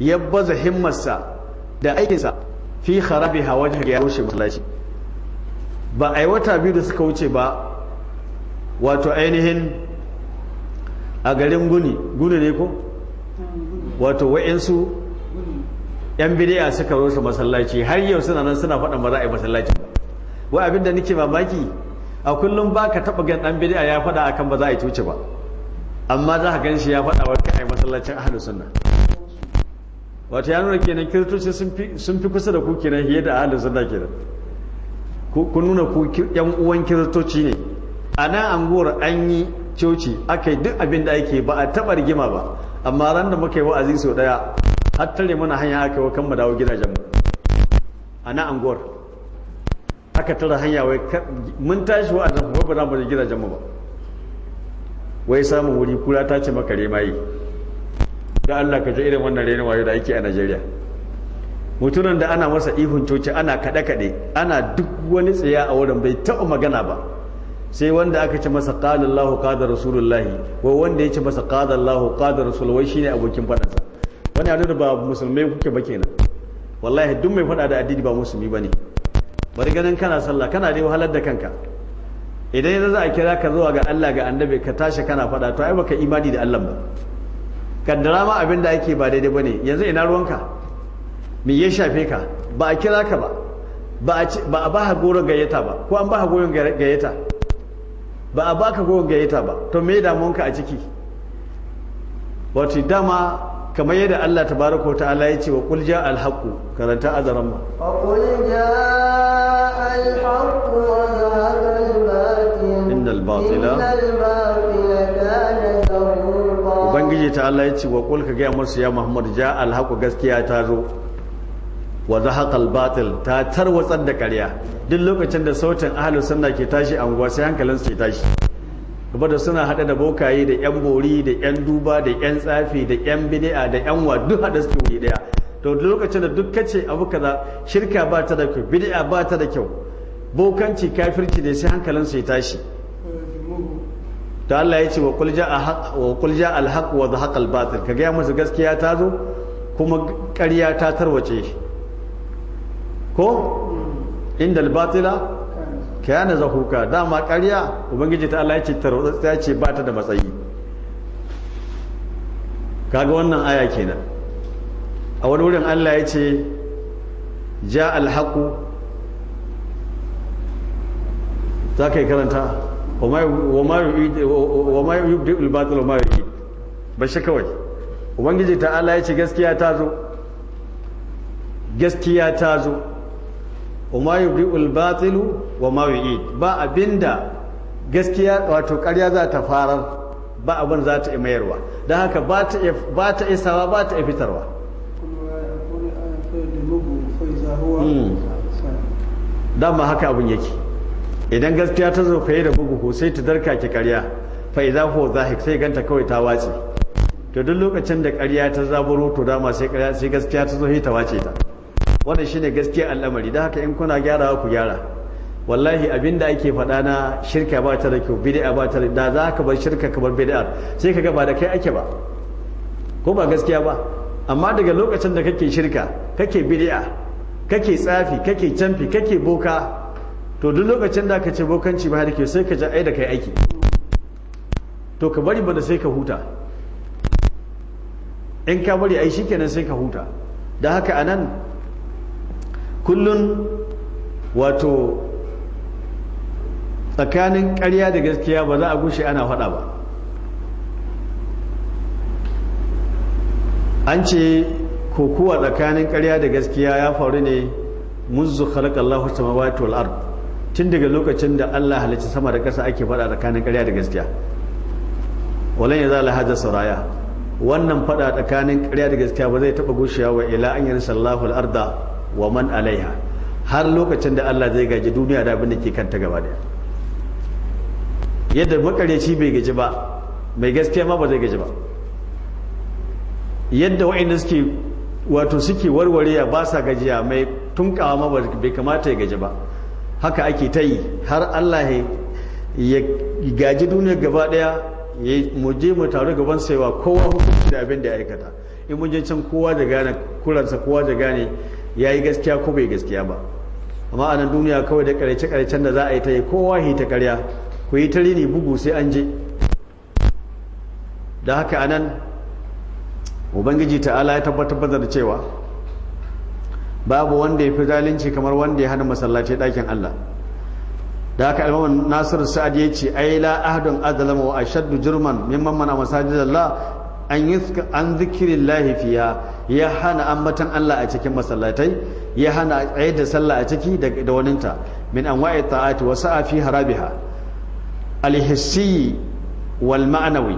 ya baza himmarsa da aikinsa fi wajen wajhi ya rushe masallaci ba yi wata biyu da suka wuce ba wato ainihin a garin guni guni ne ko wato wa'insu yan bidiya suka rushe masallaci har yau suna nan suna fada ba a yi masallaci wa abinda nake mamaki a kullum ba ka taɓa gan ɗan bidiya ya faɗa akan ba za a yi tuce ba amma za ka gan shi ya faɗa wa kai masallacin ahlus sunna wato ya nuna kenan kiristoci sun fi kusa da ku kenan fiye da ahlus sunna kenan ku nuna ku yan uwan kiristoci ne a nan anguwar an yi coci aka yi duk abin da ake ba a taɓa rigima ba amma ran da muka yi wa'azi sau ɗaya har tare mana hanya aka yi wa kan mu dawo gidajenmu a nan anguwar aka tara hanya wai mun tashi wa'azin ba za mu je mu ba wai samun wuri kura ta ce maka remayi da Allah ka je irin wannan rena wayo da ake a Najeriya Mutunan da ana masa ihun coci ana kaɗe-kaɗe ana duk wani tsaya a wurin bai taɓa magana ba sai wanda aka ce masa qala Allahu qadar rasulullahi wai wanda ya ce masa qala Allahu qadar rasul wai shine abokin faɗansa. wani a da ba kuke ba kenan wallahi duk mai faɗa da addini ba musulmi bane bari ganin kana sallah kana dai wahalar da kanka idan yanzu za a kira ka zuwa ga Allah ga annabi ka tashi kana faɗa to ai baka imani da Allah ba kaddara ma abin da yake ba daidai bane yanzu ina ruwanka me ya shafe ka ba a kira ka ba ba a ba goron gayyata ba ko an ba goron gayyata ba a baka goron gayyata ba to me damuwanka a ciki wato dama kamar yadda Allah tabaraka ta'ala ya ce wa qul ja al karanta azaran ma qul ja al wa innal batila ubangiji ta ya ce wa kul ka gaya musu ya muhammad ja alhaqu gaskiya ta zo wa zahaqal batil ta tarwatsar da karya. duk lokacin da sautin ahlus sunna ke tashi anguwa sai hankalin su ke tashi kuma da suna hada da bokaye da yan bori da yan duba da yan tsafi da yan bid'a da yan wa duk hada su ke daya to lokacin da duk kace abu kaza shirka ba ta da kyau bid'a ba ta da kyau bokanci kafirci ne sai hankalin su ya tashi ta Allah ya ce wa kulja alhaq wa zahaq albatil ka gaya musu gaskiya ta zo kuma ƙarya ta tarwace shi ko inda albatila kana zahuka dama ƙarya ubangiji ta Allah ya ce tarwace ya ce ba ta da matsayi kaga wannan aya kenan a wani wurin Allah ya ce ja alhaqu za ka yi karanta wa ma yubdi al-batil wa ma yu'id ba shi kawai ubangiji Allah ya ce gaskiya ta zo gaskiya ta zo wa ma yubdi al-batil wa ma yu'id ba abinda gaskiya wato ƙarya za ta farar ba abin za ta imayarwa mayarwa don haka ba ta isawa ba ta ifitarwa dama haka abin yake idan gaskiya ta zo faye da bugu sai ta darka ki ƙarya fa idza huwa zahik sai ganta kawai ta wace to duk lokacin da ƙarya ta zaburo to dama sai ƙarya sai gaskiya ta zo ta wace ta wannan shine gaskiya al'amari da haka in kuna gyara ku gyara wallahi abinda ake faɗa na shirka ba ta da kyau bid'a ba ta da da za ka bar shirka ka bar bid'a sai ka ga ba da kai ake ba ko ba gaskiya ba amma daga lokacin da kake shirka kake bid'a kake tsafi kake canfi kake boka to duk lokacin da ka ce bokanci ba da sai ka ji ai da kai aiki to ka bari bana sai ka huta in ka bari ai shikenan sai ka huta da haka anan kullun wato tsakanin ƙarya da gaskiya ba za a gushe ana faɗa ba an ce kokowa tsakanin karya da gaskiya ya faru ne muzu خلق الله السماوات والأرض tun daga lokacin da Allah halicci sama da ƙasa ake faɗa tsakanin ƙarya da gaskiya walan ya zala hajjar sauraya, wannan faɗa tsakanin ƙarya da gaskiya ba zai taɓa gushewa wa ila an yarsa Allahu al'arda wa man alaiha har lokacin da Allah zai gaji duniya da abin da ke kanta gaba da yadda makaryaci bai gaji ba mai gaskiya ma ba zai gaji ba yadda wa'inda suke wato suke warwareya ba sa gajiya mai tunkawa ma bai kamata ya gaji ba haka ake ta yi har Allah ya gaji duniya gaba daya ya mu taru gaban saiwa kowa hukunci da abin da ya aikata in mun je can kowa da gane kuransa kowa da gane ya yi gaskiya ko bai gaskiya ba amma a nan duniya kawai da karece karecen da za a yi ta yi kowa yi ta karya ku yi ta rini bugu sai an je da haka anan ubangiji ta'ala ya tabbatar da cewa babu wanda ya fi zalunci kamar wanda ya hada masallaci ɗakin Allah da aka almaman nasir sa'ad ya ce ai la ahadun azlama wa ashaddu jurman mimman mana masajidallah an yuzka an zikirin lahifiya ya hana ambatan Allah a cikin masallatai ya hana aida da sallah a ciki da waninta min an wa'i ta'ati wasu a harabiha alhissi wal ma'anawi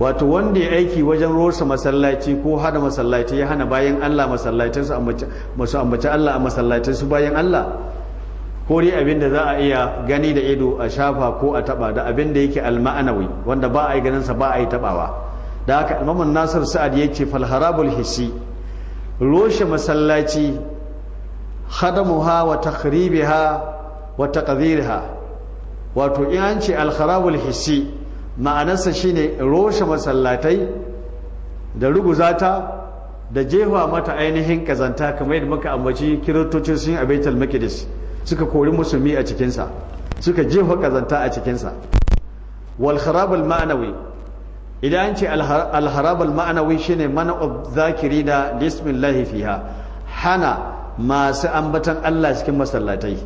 wato wanda ya aiki wajen rosa masallaci ko hada masallaci ya hana bayan Allah masallatansu masu ambaci Allah a masallatansu bayan Allah ko dai abin da za a iya gani da ido a shafa ko a taba da abin da yake alma'anawi wanda ba a yi ganinsa ba a yi tabawa da haka imamun nasir sa'ad ya ce falharabul hissi roshe masallaci hadamuha wa takhribiha wa taqdhirha wato in an ce alharabul hissi ma'anarsa shine roshe masallatai da ruguzata da jefa mata ainihin kazanta kamar yadda muka ambaci kiristocin sun a makidis suka kori musulmi a cikinsa suka jefa kazanta a cikinsa wal ma'anawi idan an ce al ma'anawi shine zakiri zakirina bismillah fiha hana masu ambatan Allah cikin masallatai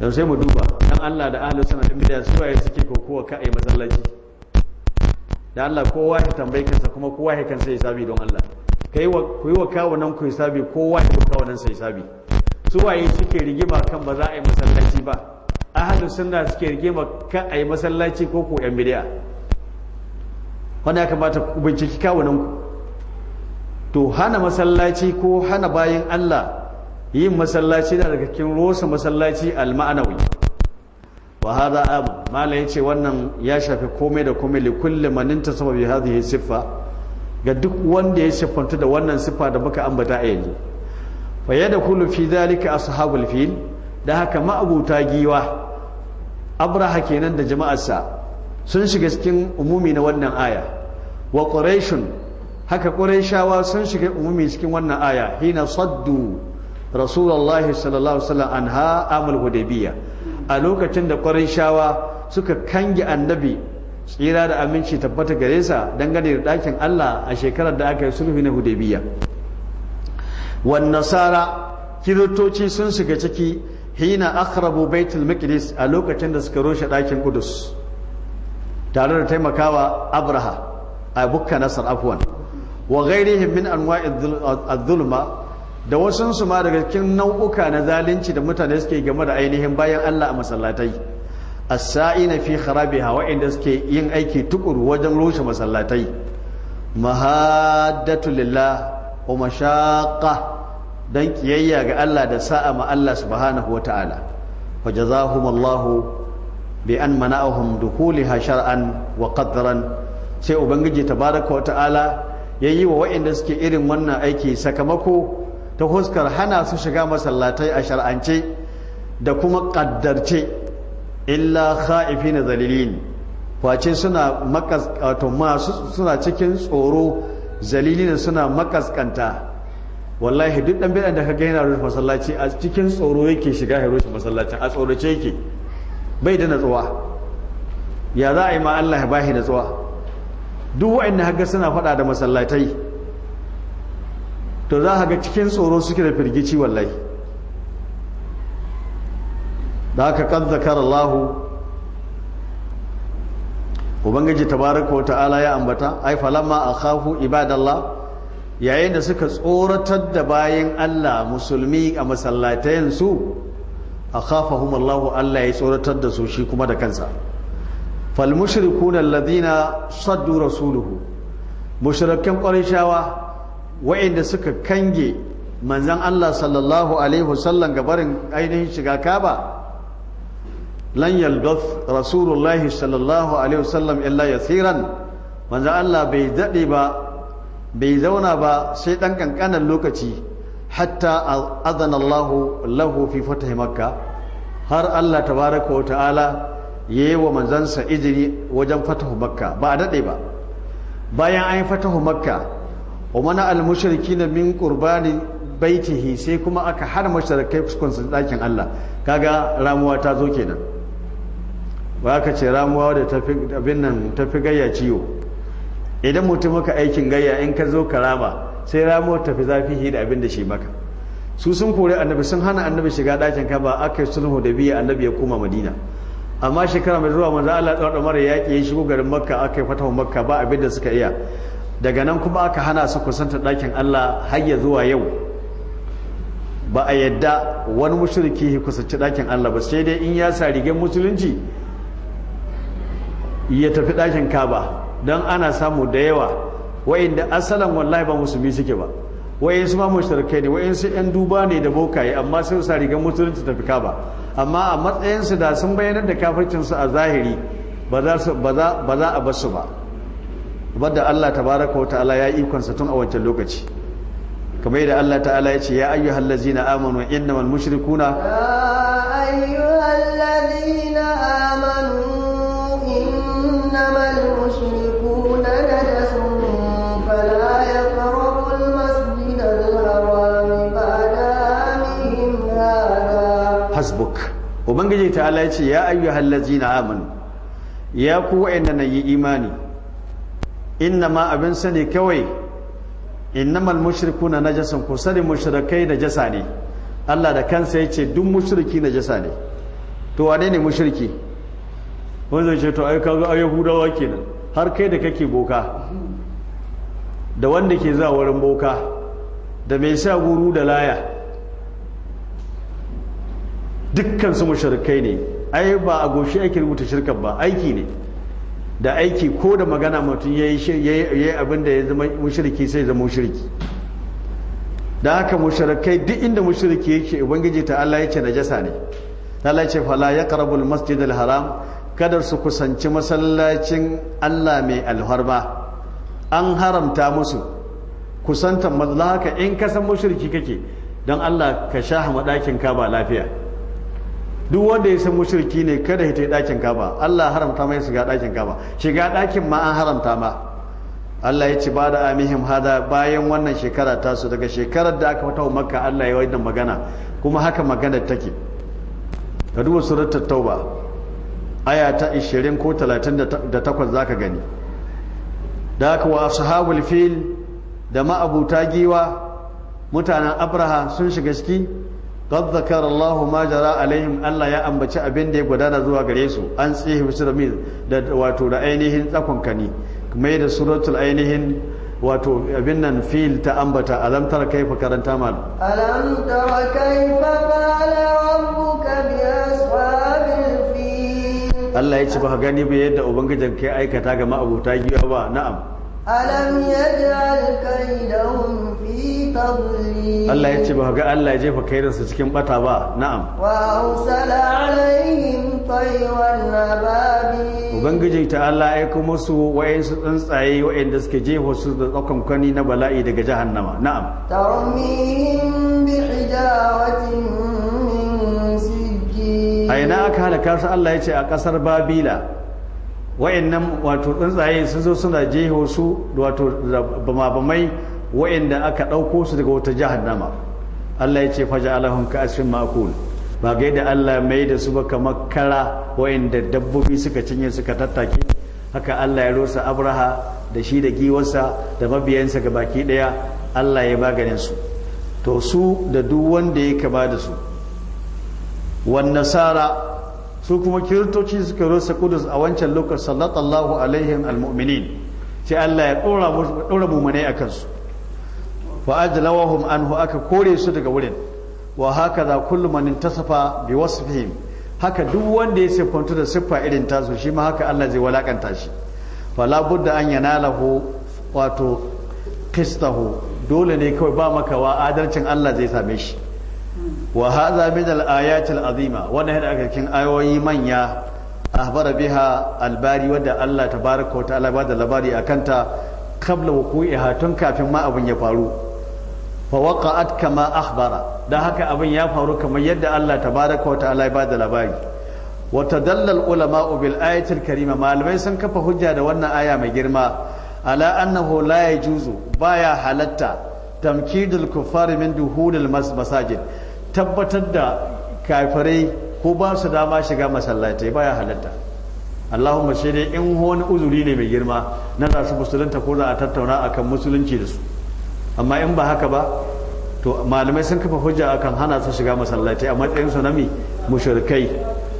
don sai mu duba don Allah da ahlus sunna din bid'a su waye suke kokowa ka a yi masallaci da Allah kowa ya tambayi kansa kuma kowa ya kansa sabi don Allah kai wa ku yi wa nan ku sabi kowa ya kawo nan sai sabi su waye suke rigima kan ba za a yi masallaci ba ahlus sunna suke rigima a yi masallaci ko ko yan bidiya wanda ya kamata ku binciki nan ku to hana masallaci ko hana bayan Allah yin masallaci na daga cikin rosa masallaci al-ma'anawi wa hada abu ya yace wannan ya shafi komai da komai li kulli man intasaba bi hadhihi siffa ga duk wanda ya siffantu da wannan siffa da muka ambata a yanzu fa kullu fi dhalika ashabul fil da haka ma'abuta giwa abraha kenan da jama'arsa sun shiga cikin umumi na wannan aya wa quraishun haka quraishawa sun shiga umumi cikin wannan aya hina saddu rasulullahi sallallahu alaihi wasallam anha amul hudaybiya a lokacin da shawa suka kange annabi tsira da aminci tabbata gare sa dangane da ɗakin Allah a shekarar da aka yi sulhu na hudaybiya wan nasara kiristoci sun shiga ciki hina akhrabu baitul maqdis a lokacin da suka roshe ɗakin kudus tare da taimakawa abraha a bukka nasar afwan wa ghairihim min anwa'i adh-dhulma da wasansu ma daga cikin nau'uka na zalunci da mutane suke game da ainihin bayan Allah a masallatai as-sa'ina fi kharabiha wa'inda suke yin aiki tukuru wajen rushe masallatai mahaddatu lillah wa mashaqqa dan kiyayya ga Allah da sa'a ma Allah subhanahu wa ta'ala wa jazaahumullahu bi an mana'ahum dukuliha shar'an wa qadran sai ubangiji tabaraka wa ta'ala yayi wa wa'inda suke irin wannan aiki sakamako ta huskar hana su shiga masallatai a shar'ance da kuma ƙaddarce illa kha'ifi na zalilin face suna makaskato masu suna cikin tsoro zalilin suna makaskanta wallahi duk ɗan bidan da ka gaina rufe masallaci a cikin tsoro yake shiga ya rufe masallacin a tsorace yake bai da natsuwa ya za a yi ma Allah ya bahi natsuwa duk wa'anda haka suna faɗa da masallatai to za a ga cikin tsoro suke da firgici wallahi da haka kan zakar Allahu ubangiji tabaraka wata'ala ya ambata ai falamma akhafu ibadallah yayin da suka tsoratar da bayan Allah musulmi a masallatayen su akhafahum Allah Allah ya tsoratar da su shi kuma da kansa fal mushrikuna alladhina saddu rasuluhu mushrikan qurayshawa wa'inda suka kange manzan Allah sallallahu alaihi wasallam gabarin ainihin shiga kaba lan yalgath rasulullahi sallallahu alaihi wasallam illa yasiran manzan Allah bai daɗe ba bai zauna ba sai ɗan kankanan lokaci hatta adana Allah lahu fi fatah makka har Allah tabaraka wa ta'ala yayi wa manzansa izini wajen fatahu makka ba a daɗe ba bayan an yi fatahu makka wa mana almushriki na min qurbani baitihi sai kuma aka hana masharakai fuskunsu ɗakin Allah kaga ramuwa ta zo kenan ba aka ce ramuwa da abin nan fi gaya ciwo idan mutum maka aikin gayya in ka zo ka rama sai ta tafi zafi da abin da shi maka su sun kore annabi sun hana annabi shiga dakin ba aka yi sulhu da biya annabi ya koma madina amma shekara mai zuwa manzo Allah tsawon mara yaƙi ya shigo garin makka aka yi fatahu makka ba abin da suka iya daga nan kuma aka hana su kusanta ɗakin Allah har ya zuwa yau ba a yadda wani mushriki ya kusanci ɗakin Allah ba sai dai in ya sa musulunci ya tafi ɗakin Kaba don ana samu da yawa wa'inda asalan wallahi ba musulmi suke ba su ma mushrikai ne su 'yan duba ne da bokaye amma sai sa rigar musulunci tafi Kaba amma a matsayinsu da sun bayanar da kafircinsu a zahiri ba za a basu ba wadda Allah tabaraka wa ta'ala ya ikonsa tun a wancan lokaci kamar yadda Allah ta'ala ya ce ya ayyuhal ladzina amanu innamal mushrikuna ya ayyuhal ladzina amanu innamal mushrikuna najasun fala yaqrabul masjidal haram ba'da amihim hada hasbuk ubangiji ta'ala ya ce ya ayyuhal ladzina amanu ya ku wa'anda na yi imani inna ma abin sani kawai innamal na najasan ku sani mushrikai jasa ne Allah da kansa ya ce duk mushriki na ne to wane ne mushriki wanda ce to ai kaga ai yahudawa kenan har kai da kake boka da wanda ke za wurin boka da mai sha guru da laya dukkan su mushrikai ne ai ba a goshi ake rubuta shirkan ba aiki ne da aiki ko da magana mutum ya yi abin da ya zama mushiriki sai zama mushiriki da haka mushrikai duk inda mushriki yake ubangiji ta Allah ya ce najasa ne Allah ya ce fala yaqrabul masjidal haram kada su kusanci masallacin Allah mai alharba an haramta musu kusantan mazlaka in ka san mushriki kake don Allah ka sha hama ɗakin ka ba lafiya duk wanda ya san mushriki ne kada ya dakin kaba Allah haramta mai shiga dakin kaba shiga dakin ma an haramta ma Allah ya ci ba da amihim hada bayan wannan shekara tasu daga shekarar da aka fatawa makka Allah ya wannan magana kuma haka magana take ka duba suratul tauba aya ta 20 ko 38 zaka gani da aka wa ashabul fil da ma'abuta giwa mutanen abraha sun shiga ciki qad Majara Allah alaihim Allah ya ambaci abin da ya gudana zuwa gare su an tsihi su da da wato da tsakon kani mai da suratul ainihin wato abin nan fil ta ambata alam tara kaifa karanta mal alam tara kaifa qala rabbuka bi ashabil fil Allah ya ce ba gani ba yadda ubangijin kai aikata ga ma'abuta giwa ba na'am alam yaj'al kaydahum fi Allah ya ce ba ga Allah ya jefa kaidan su cikin bata ba na'am wa usala alaihim tayran nababi ubangiji ta Allah ya kuma su wayan su tsuntsaye wayan da suke jefa su da tsokan kwani na bala'i daga jahannama na'am tarmihim bi hijawatin min sijji ayna akala kasu Allah ya ce a kasar babila wa'annan wato tsuntsaye sun zo suna jeho su wato bamabamai wa'anda aka ɗauko su daga wata jahannama Allah ya ce faja alahun ka asfin makul ba ga da Allah mai da su ba kamar kara wa'anda dabbobi suka cinye suka tattake haka Allah ya rusa abraha da shi da giwarsa da mabiyansa ga baki ɗaya Allah ya maganin su to su da duk wanda ya kama da su wanne tsara. su kuma kiristoci suka rasa kudus a wancan lokacin sallallahu alaihim almu'minin sai Allah ya dora mumune a kansu wa ajlawahum anhu aka kore su daga wurin wa hakaza kullu man intasafa bi wasfihim haka duk wanda ya siffantu da siffa irin tasu shi ma haka Allah zai walakanta shi fala budda an yanalahu wato qistahu dole ne kawai ba makawa adalcin Allah zai same shi wa haza min al-ayat azima wanda yana daga cikin ayoyi manya ahbara biha al-bari wadda Allah tabaaraka wa ta'ala ba da labari akanta qabla wuqu'iha tun kafin ma abin ya faru fa waqa'at kama akhbara dan haka abin ya faru kamar yadda Allah tabaaraka wa ta'ala bada labari wa tadalla al-ulama bil ayati karima malamai sun kafa hujja da wannan aya mai girma ala annahu la yajuzu baya halatta tamkidul kuffar min duhulil masajid tabbatar da kafirai ko ba su dama shiga masallatai baya halatta Allahumma sai dai in wani uzuri ne mai girma na za musulunta ko za a tattauna akan musulunci da su amma in ba haka ba to malamai sun kafa hujja akan hana su shiga masallatai a matsayin su na mi mushrikai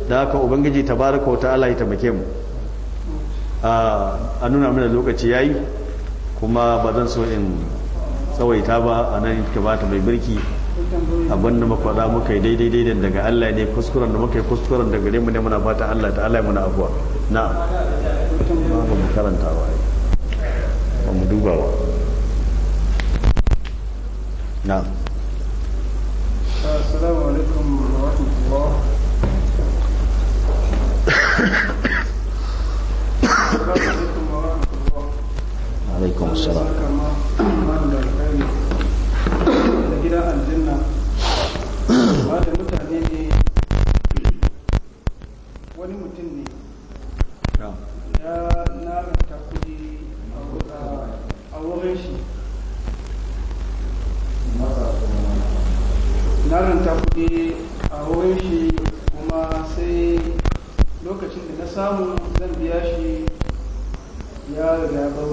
da haka ubangiji tabaraka wa ta'ala ya taimake mu a nuna mana lokaci yayi kuma ba zan so in tsawaita ba a nan ta mai birki abin da muka faɗa muka yi daidai daidai daga Allah ne kuskuren da muka yi kuskuren daga gare mu ne muna fata Allah ta Allah muna afuwa na ba mu karanta ba ba mu duba wa? na assalamu alaikum wa rahmatullah [COUGHS] alaikum assalam gidan aljanna ba da mutane ne wani mutum ne ya naranta kudi a wurin shi naranta kudi a wurin shi kuma sai lokacin da na samu zan biya shi ya riga ya bar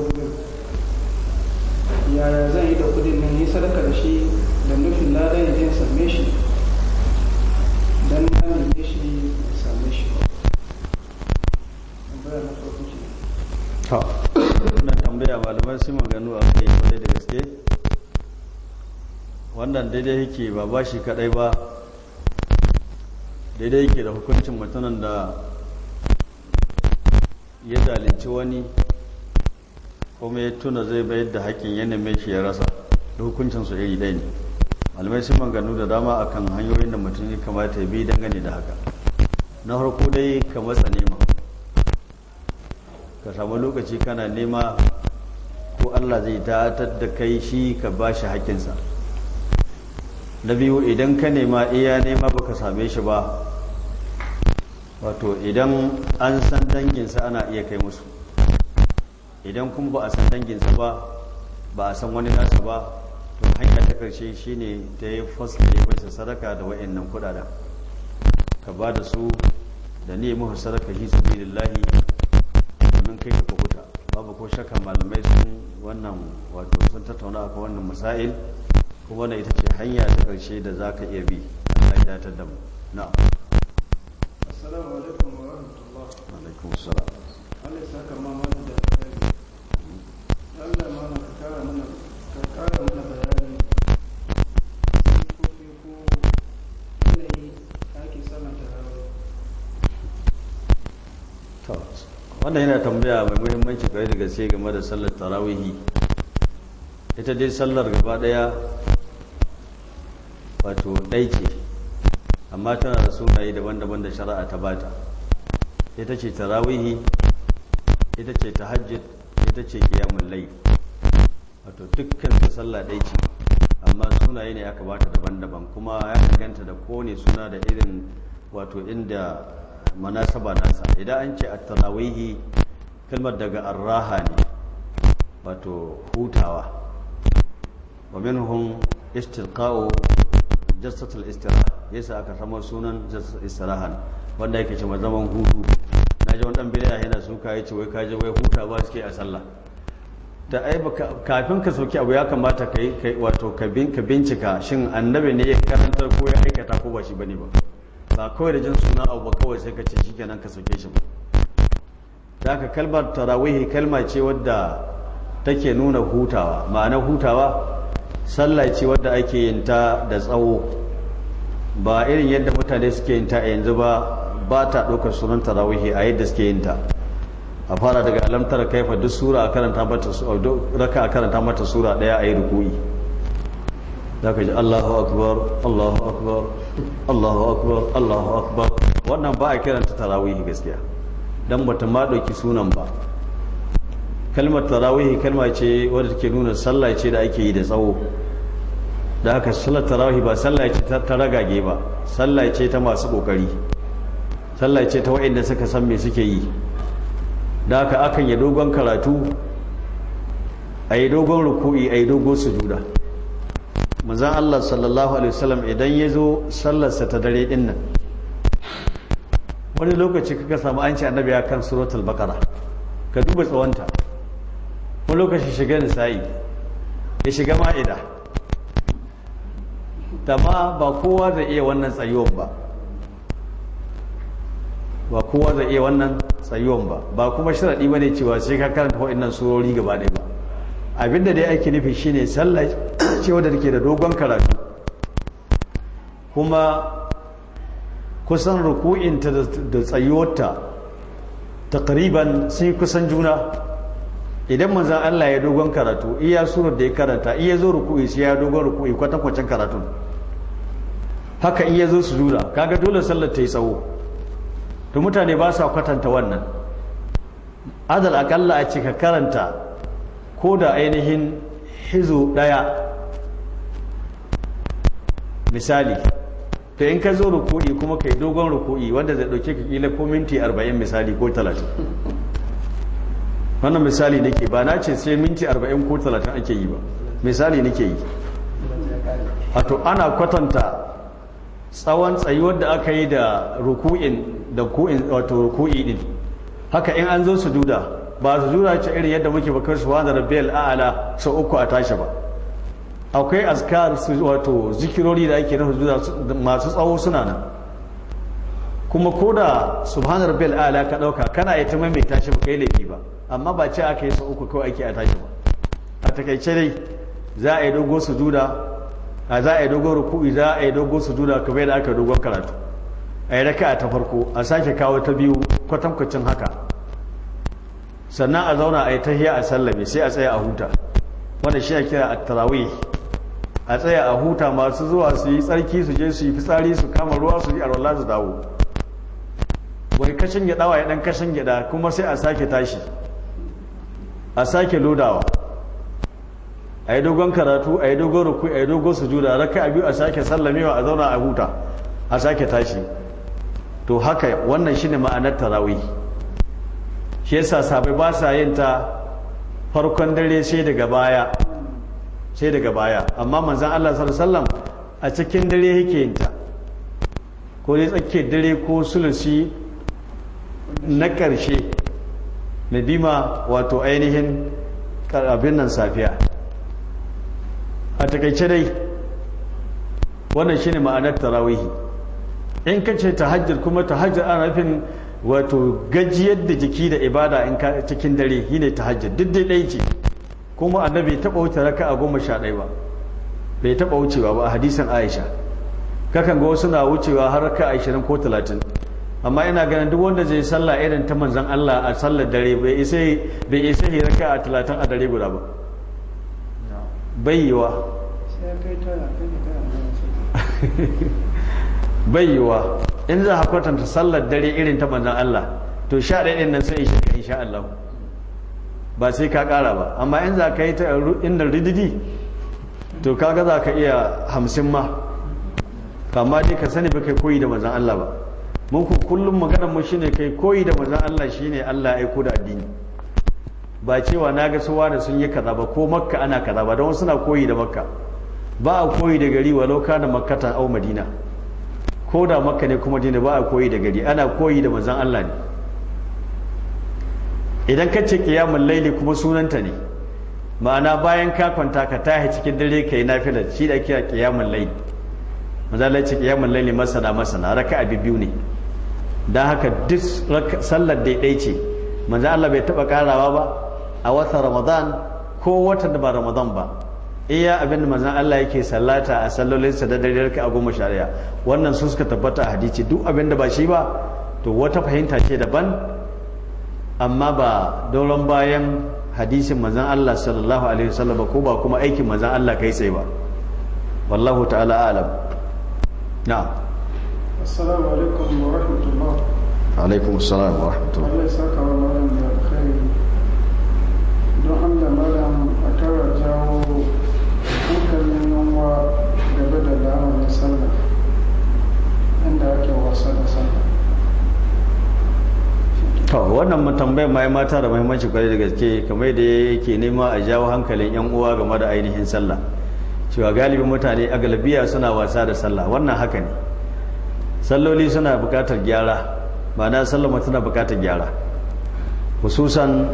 yaya zan yi da kudin nan yi sadaka da shi da nufin lada ya same shi don na shi same shi ba tambaya na farko ce wannan malamai sun maganu a kai kwarai da gaske wannan daidai yake ba ba shi kadai ba daidai yake da hukuncin mutumin da ya zalunci wani kuma ya tuna zai bayar da hakkin ya neme shi ya rasa da hukuncin su iri ɗaya ne almai sun manganu da dama akan hanyoyin da mutum ya kamata ya bi dangane da haka na harko dai ka matsa nema ka samu lokaci kana nema ko allah zai datar da kai shi ka ba shi haƙƙinsa na biyu idan ka nema iya nema ba ka same shi ba wato idan an san danginsa ana iya kai musu idan kuma ba a san danginsa ba ba a san wani nasa ba to hanya karshe shine ta yi fasle mace sadaka da wa'annan kudaden ka ba da su da ne muhu sadaka shi su lillahi domin kai ka kuta babu ko shakka malamai sun wannan wato sun tattauna akan wannan masail kuma na ita ce hanya ta karshe da za ka iya bi Allah ya datar da mu na'am assalamu alaikum wannan yana tambaya mai muhimmanci kwarai da gaske game da sallar tarawihi ita dai sallar gaba daya wato ɗai amma tana da sunaye daban-daban da shari'a ta bata ita ce tarawihi ita ce tahajjud ita ce qiyamul lai. wato dukkan ta sallah ɗai ce amma sunaye ne aka bata daban-daban kuma ya danganta da kowane suna da irin wato inda munasaba nasa idan an ce at tarawihi kalmar daga arraha ne wato hutawa wa minhum istilqa'u al istiraha yasa aka samu sunan al istiraha wanda yake cewa zaman hutu naji wani dan bid'a yana suka yace wai je wai huta ba suke a sallah da ai kafin ka sauki abu ya kamata kai wato ka bincika shin annabi ne ya karanta ko ya aikata ko ba shi bane ba ba kawai da jin suna abu ba kawai sai ka ce shi kenan ka soke shi ba da ka kalmar tarawihi kalma ce wadda take nuna hutawa ma'ana hutawa sallah ce wadda ake yin ta da tsawo ba irin yadda mutane suke yin ta a yanzu ba ba ta ɗaukar sunan tarawihi a yadda suke yin ta a fara daga alamtar kaifa duk sura raka a karanta mata sura ɗaya a yi rukuyi zaka ka ji allahu akbar allahu akbar allahu akbar allahu akbar wannan ba a kiranta tarawihi gaskiya don bata ma ɗauki sunan ba kalmar tarawihi kalma ce wadda take nuna sallah ce da ake yi da tsawo da haka sallar tarawihi ba sallah ce ta ragage ba sallah ce ta masu kokari sallah ce ta waɗanda suka san me suke yi da haka akan yi dogon karatu a yi dogon ruku'i a yi dogon sujuda manzan Allah sallallahu alaihi wasallam idan ya zo sallarsa ta dare din nan wani lokaci kaka samu an ce annabi ya kan suratul bakara. ka duba tsawonta wani lokaci shiga nisa'i ya shiga ma'ida ma ba kowa zai iya wannan tsayuwan ba ba kowa zai iya wannan tsayuwan ba ba kuma sharaɗi ba ne cewa sai ka karanta waɗannan surori gaba ɗaya ba abinda dai ake nufi shine sallar ce wadda take da dogon karatu kuma kusan ruku'inta da tsayuwarta takariban sun yi kusan juna idan manzan Allah ya dogon karatu iya surar da ya karanta iya zo ruku'i sai ya dogon ruku'i kwatankwacin karatu haka iya zo su juna kaga dole sallar ta yi tsawo to mutane ba sa kwatanta wannan adal akalla a ce ka karanta ko da ainihin hizo daya misali to in ka zo ruku'i kuma kai dogon ruku'i wanda zai dauke ka kila ko minti 40 misali ko 30 wannan misali nake ba na ce sai minti 40 ko 30 ake yi ba misali nake yi wato ana kwatanta tsawon tsayuwar da aka yi da ruku'in da ku'in wato ruku'i din haka in an zo su duda ba su sujuda ce irin yadda muke bakar wanda rabbiyal aala sau uku a tashi ba akwai azkar wato zikirori da ake nufi masu tsawo suna nan kuma ko da subhanar bel ala ka dauka kana ita mai mai tashi kai laifi ba amma ba ce aka yi sau uku kawai ake a tashi ba a takaice dai za a yi dogo sujuda a za a yi dogon ruku'i za a yi dogo sujuda kamar da aka dogon karatu a yi a ta farko a sake kawo ta biyu kwatankwacin haka sannan a zauna a yi tahiya a sallame sai a tsaya a huta wanda shi ya kira a tarawih a tsaya a huta masu zuwa su yi tsarki su je su yi fitsari su kama ruwa su yi arwallah su dawo wai kashin gida wa ya ɗan kashin gyaɗa kuma sai a sake tashi a sake lodawa a yi dogon karatu a yi dogon ruku a yi dogon sujuda raka a biyu a sake sallamewa a zauna a huta a sake tashi to haka wannan shine ma'anar tarawih shi yasa sabai ba sa yin ta farkon dare sai daga baya sai daga baya amma manzan Allah sallallahu a cikin dare yake yin ta ko dai tsakiyar dare ko sulusi na ƙarshe nadima wato ainihin abin nan safiya a takaice dai wannan shine ma'anar tarawihi in ka ce tahajjud kuma tahajjud ana nufin wato gajiyar da jiki da ibada in ka cikin dare shine tahajjud duk dai ɗaya ce kuma annabi taɓa wuce raka a goma sha ɗaya ba bai taɓa wucewa ba a hadisan aisha kakan ga wasu na wucewa har raka ashirin ko talatin amma ina ganin duk wanda zai sallah irin ta manzan Allah a sallar dare bai isa bai isa yi raka a talatin a dare guda ba bayyiwa [LAUGHS] bayyiwa in za a kwatanta sallar dare irin ta manzan Allah to sha ɗaya ɗin nan sai ishe ka insha Allah ba sai ka ƙara ba amma in za ka yi ta inda rididi to kaga za ka iya hamsin ma amma dai ka sani ba kai koyi da mazan Allah ba mun ku kullum maganar mu shine kai koyi da mazan Allah shine Allah aiko da addini ba cewa na ga suwa da sun yi kaza ba ko makka ana kaza ba don suna koyi da makka ba a koyi da gari walau makka makkata au madina ko da makka ne kuma dina ba a koyi da gari ana koyi da mazan Allah ne idan ka ce kiyamun laili kuma sunanta ne ma'ana bayan ka kwanta ka tahi cikin dare ka yi nafilar shi da kiyar kiyamun laili maza ce laili masana masana raka raka'a biyu ne don haka duk sallar daidai ce manzo Allah bai taba karawa ba a wata Ramadan ko wata da ba Ramadan ba iya abin da manzon Allah yake sallata a sallolinsa da dare a goma shari'a. wannan su suka tabbata a hadisi duk abin da ba shi ba to wata fahimta ce daban amma ba dauran bayan hadisin mazan Allah sallallahu alaihi wasallam ko ba kuma aikin mazan Allah kai tsaye ba wallahu ta'ala alam na assalamu alaikum wa rahmatullah alaikum assalam wa rahmatullah Allah ya saka wa malam ya alkhairi don Allah malam a tara jawo hankalin yunwa gaba da lamar sallah inda ake wasa da sallah to wannan tambayar mai mata da muhimmanci kwarai da gaske kamar da yake nema a jawo hankalin yan uwa game da ainihin sallah cewa galibin mutane a suna wasa da sallah wannan haka ne salloli suna bukatar gyara na sallama tana bukatar gyara hususan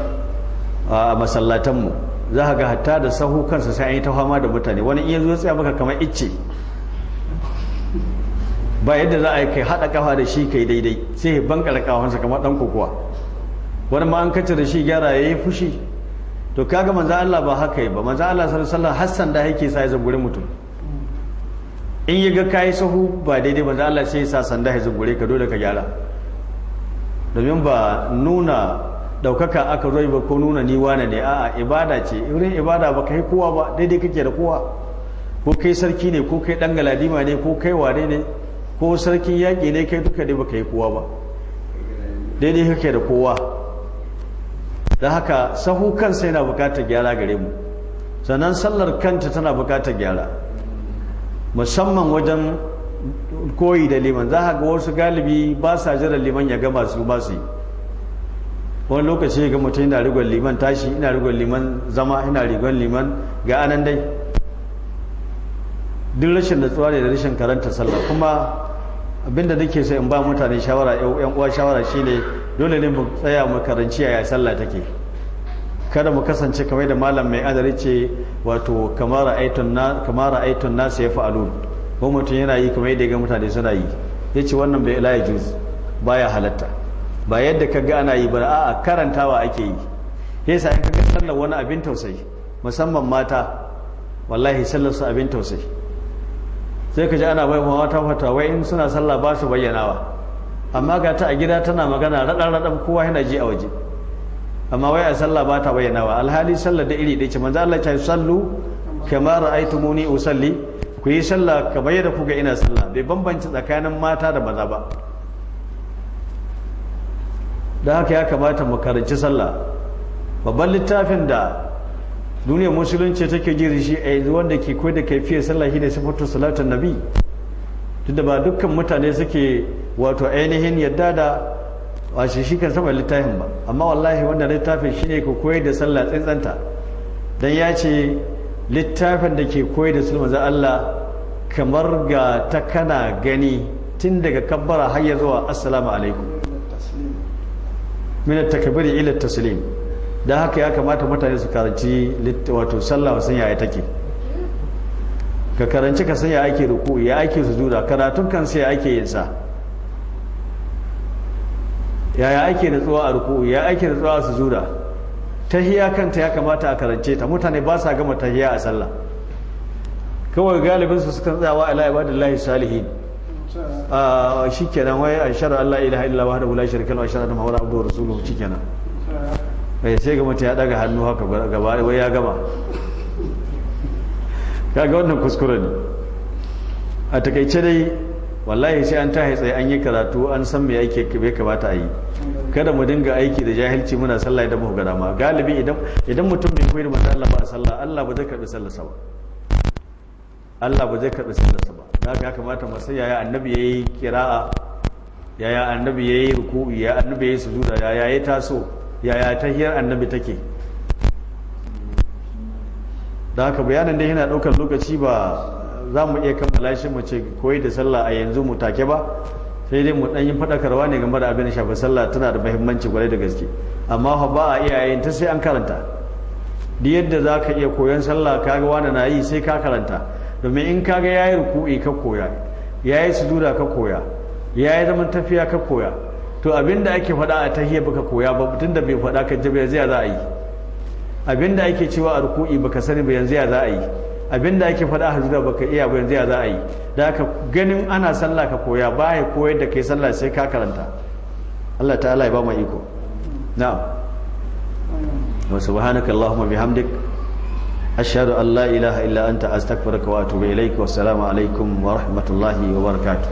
a masallatanmu za ka ga hatta da sahu kansa sai an yi ta fama da mutane wani iya zo tsaya maka kamar icce ba yadda za a kai haɗa kafa da shi kai daidai sai ya bankara kafansa kamar ɗan kokowa wani ma an kace da shi gyara ya yi fushi to kaga manzo Allah ba haka yi ba manzo Allah sallallahu alaihi wasallam hassan da yake sa ya mutum in ya ga kai sahu ba daidai manzo Allah sai ya sa sanda ya ka dole ka gyara domin ba nuna daukaka aka zo ba ko nuna ni wane ne a'a ibada ce irin ibada ba kai kowa ba daidai kake da kowa ko kai sarki ne ko kai dan galadima ne ko kai ware ne ko sarkin yaƙi ne kai duka ne baka yi kowa ba daidai kake da kowa da haka sahu kansa yana bukatar gyara gare mu sannan sallar kanta tana bukatar gyara musamman wajen koyi da liman za ga wasu galibi ba sa jiran liman ya gama su ba su yi wani lokaci ga mutum yana rigon liman tashi ina rigon liman zama ina rigon liman ga anan dai duk rashin natsuwa ne da rashin karanta sallah kuma abinda nake so in ba mutane shawara yan uwa shawara shine dole ne mu tsaya mu karanci yaya sallah take kada mu kasance kamar da malam mai adari ce wato kamar ra'aytun na kamar ya nas yaf'alun ko mutum yana yi kamar yadda ga mutane suna yi yace wannan bai la yajuz baya halatta ba yadda ka ga ana yi ba a'a karantawa ake yi yasa in ka ga sallar wani abin tausayi musamman mata wallahi sallar su abin tausayi sai ka ji ana bai wata fata wai in suna sallah ba su bayyanawa amma ga ta a gida tana magana radan radan kowa yana ji a waje amma wai a sallah ba ta bayyanawa alhali sallah da iri ɗaya ce manzo Allah ya sallu kama ra'aytumuni usalli ku yi sallah kamar yadda ga ina sallah bai bambanci tsakanin mata da maza ba da haka ya kamata mu karanci sallah babban littafin da duniyar musulunci take jiri shi a eh, yanzu wanda ke koyar da kaifiyar sallah shine sifatu salatun nabi tunda ba dukkan mutane suke wato ainihin yadda da washe shi kan sama littafin ba amma wallahi wannan littafin ne ku koyar da sallah tsantsanta dan ya ce littafin da ke koyar da sulma za Allah kamar ga ta kana gani tun daga kabbara har ya zuwa assalamu alaikum min takbir don haka ya kamata mutane su karanci wato sallah wasan yaya take ka karanci ka san ya ake ruku ya ake su sujuda karatun kan sai ake yin sa yaya ake natsuwa a ruku ya ake su a ta tahiya kanta ya kamata a karance ta mutane ba sa gama tahiya a sallah kawai galibin su sukan tsawa ala ibadillahi salihin ah, shikenan wai an shara Allah ilaha illa wahdahu la sharika lahu wa shara Muhammadar abduhu rasuluhu shikenan Eh, sai ga mutum ya daga hannu haka gaba wai ya gama kaga wannan kuskure ne a takaice dai wallahi sai an tahi tsaye an yi karatu an san me aiki bai kamata a yi kada mu dinga aiki da jahilci muna sallah idan mu gada ma galibi idan mutum bai koyi da manzo Allah ba sallah Allah ba zai karbi sallarsa ba Allah ba zai karbi sallarsa ba da haka ya kamata mu sai yaya annabi yayi kira'a yaya annabi yayi ruku'i ya annabi yayi sujuda yaya yayi taso yaya tahiyar annabi take da haka bayanan dai yana daukar lokaci ba za mu iya kammala shi mu ce koyi da sallah a yanzu mu take ba sai dai mu dan yin fadakarwa ne game da abin shafi sallah tana da muhimmanci kwarai da gaske amma ba a iyayen ta sai an karanta da yadda za ka iya koyon sallah ka ga wani na yi sai ka karanta domin in kaga ya yi ruku'i ka koya ya yi sujuda ka koya ya yi zaman tafiya ka koya to abinda ake faɗa a tahiyya baka koya ba mutum da bai faɗa ka jabe yanzu ya za a yi abinda ake cewa a ruku'i baka sani ba yanzu ya za a yi abinda ake faɗa hajjura baka iya ba yanzu ya za a yi da aka ganin ana sallah ka koya ba ya koyar da kai sallah sai ka karanta Allah ta'ala ya ba mu iko na'am wa subhanaka allahumma bihamdik ashhadu an la ilaha illa anta astaghfiruka wa atubu ilaik wa assalamu alaikum wa rahmatullahi wa barakatuh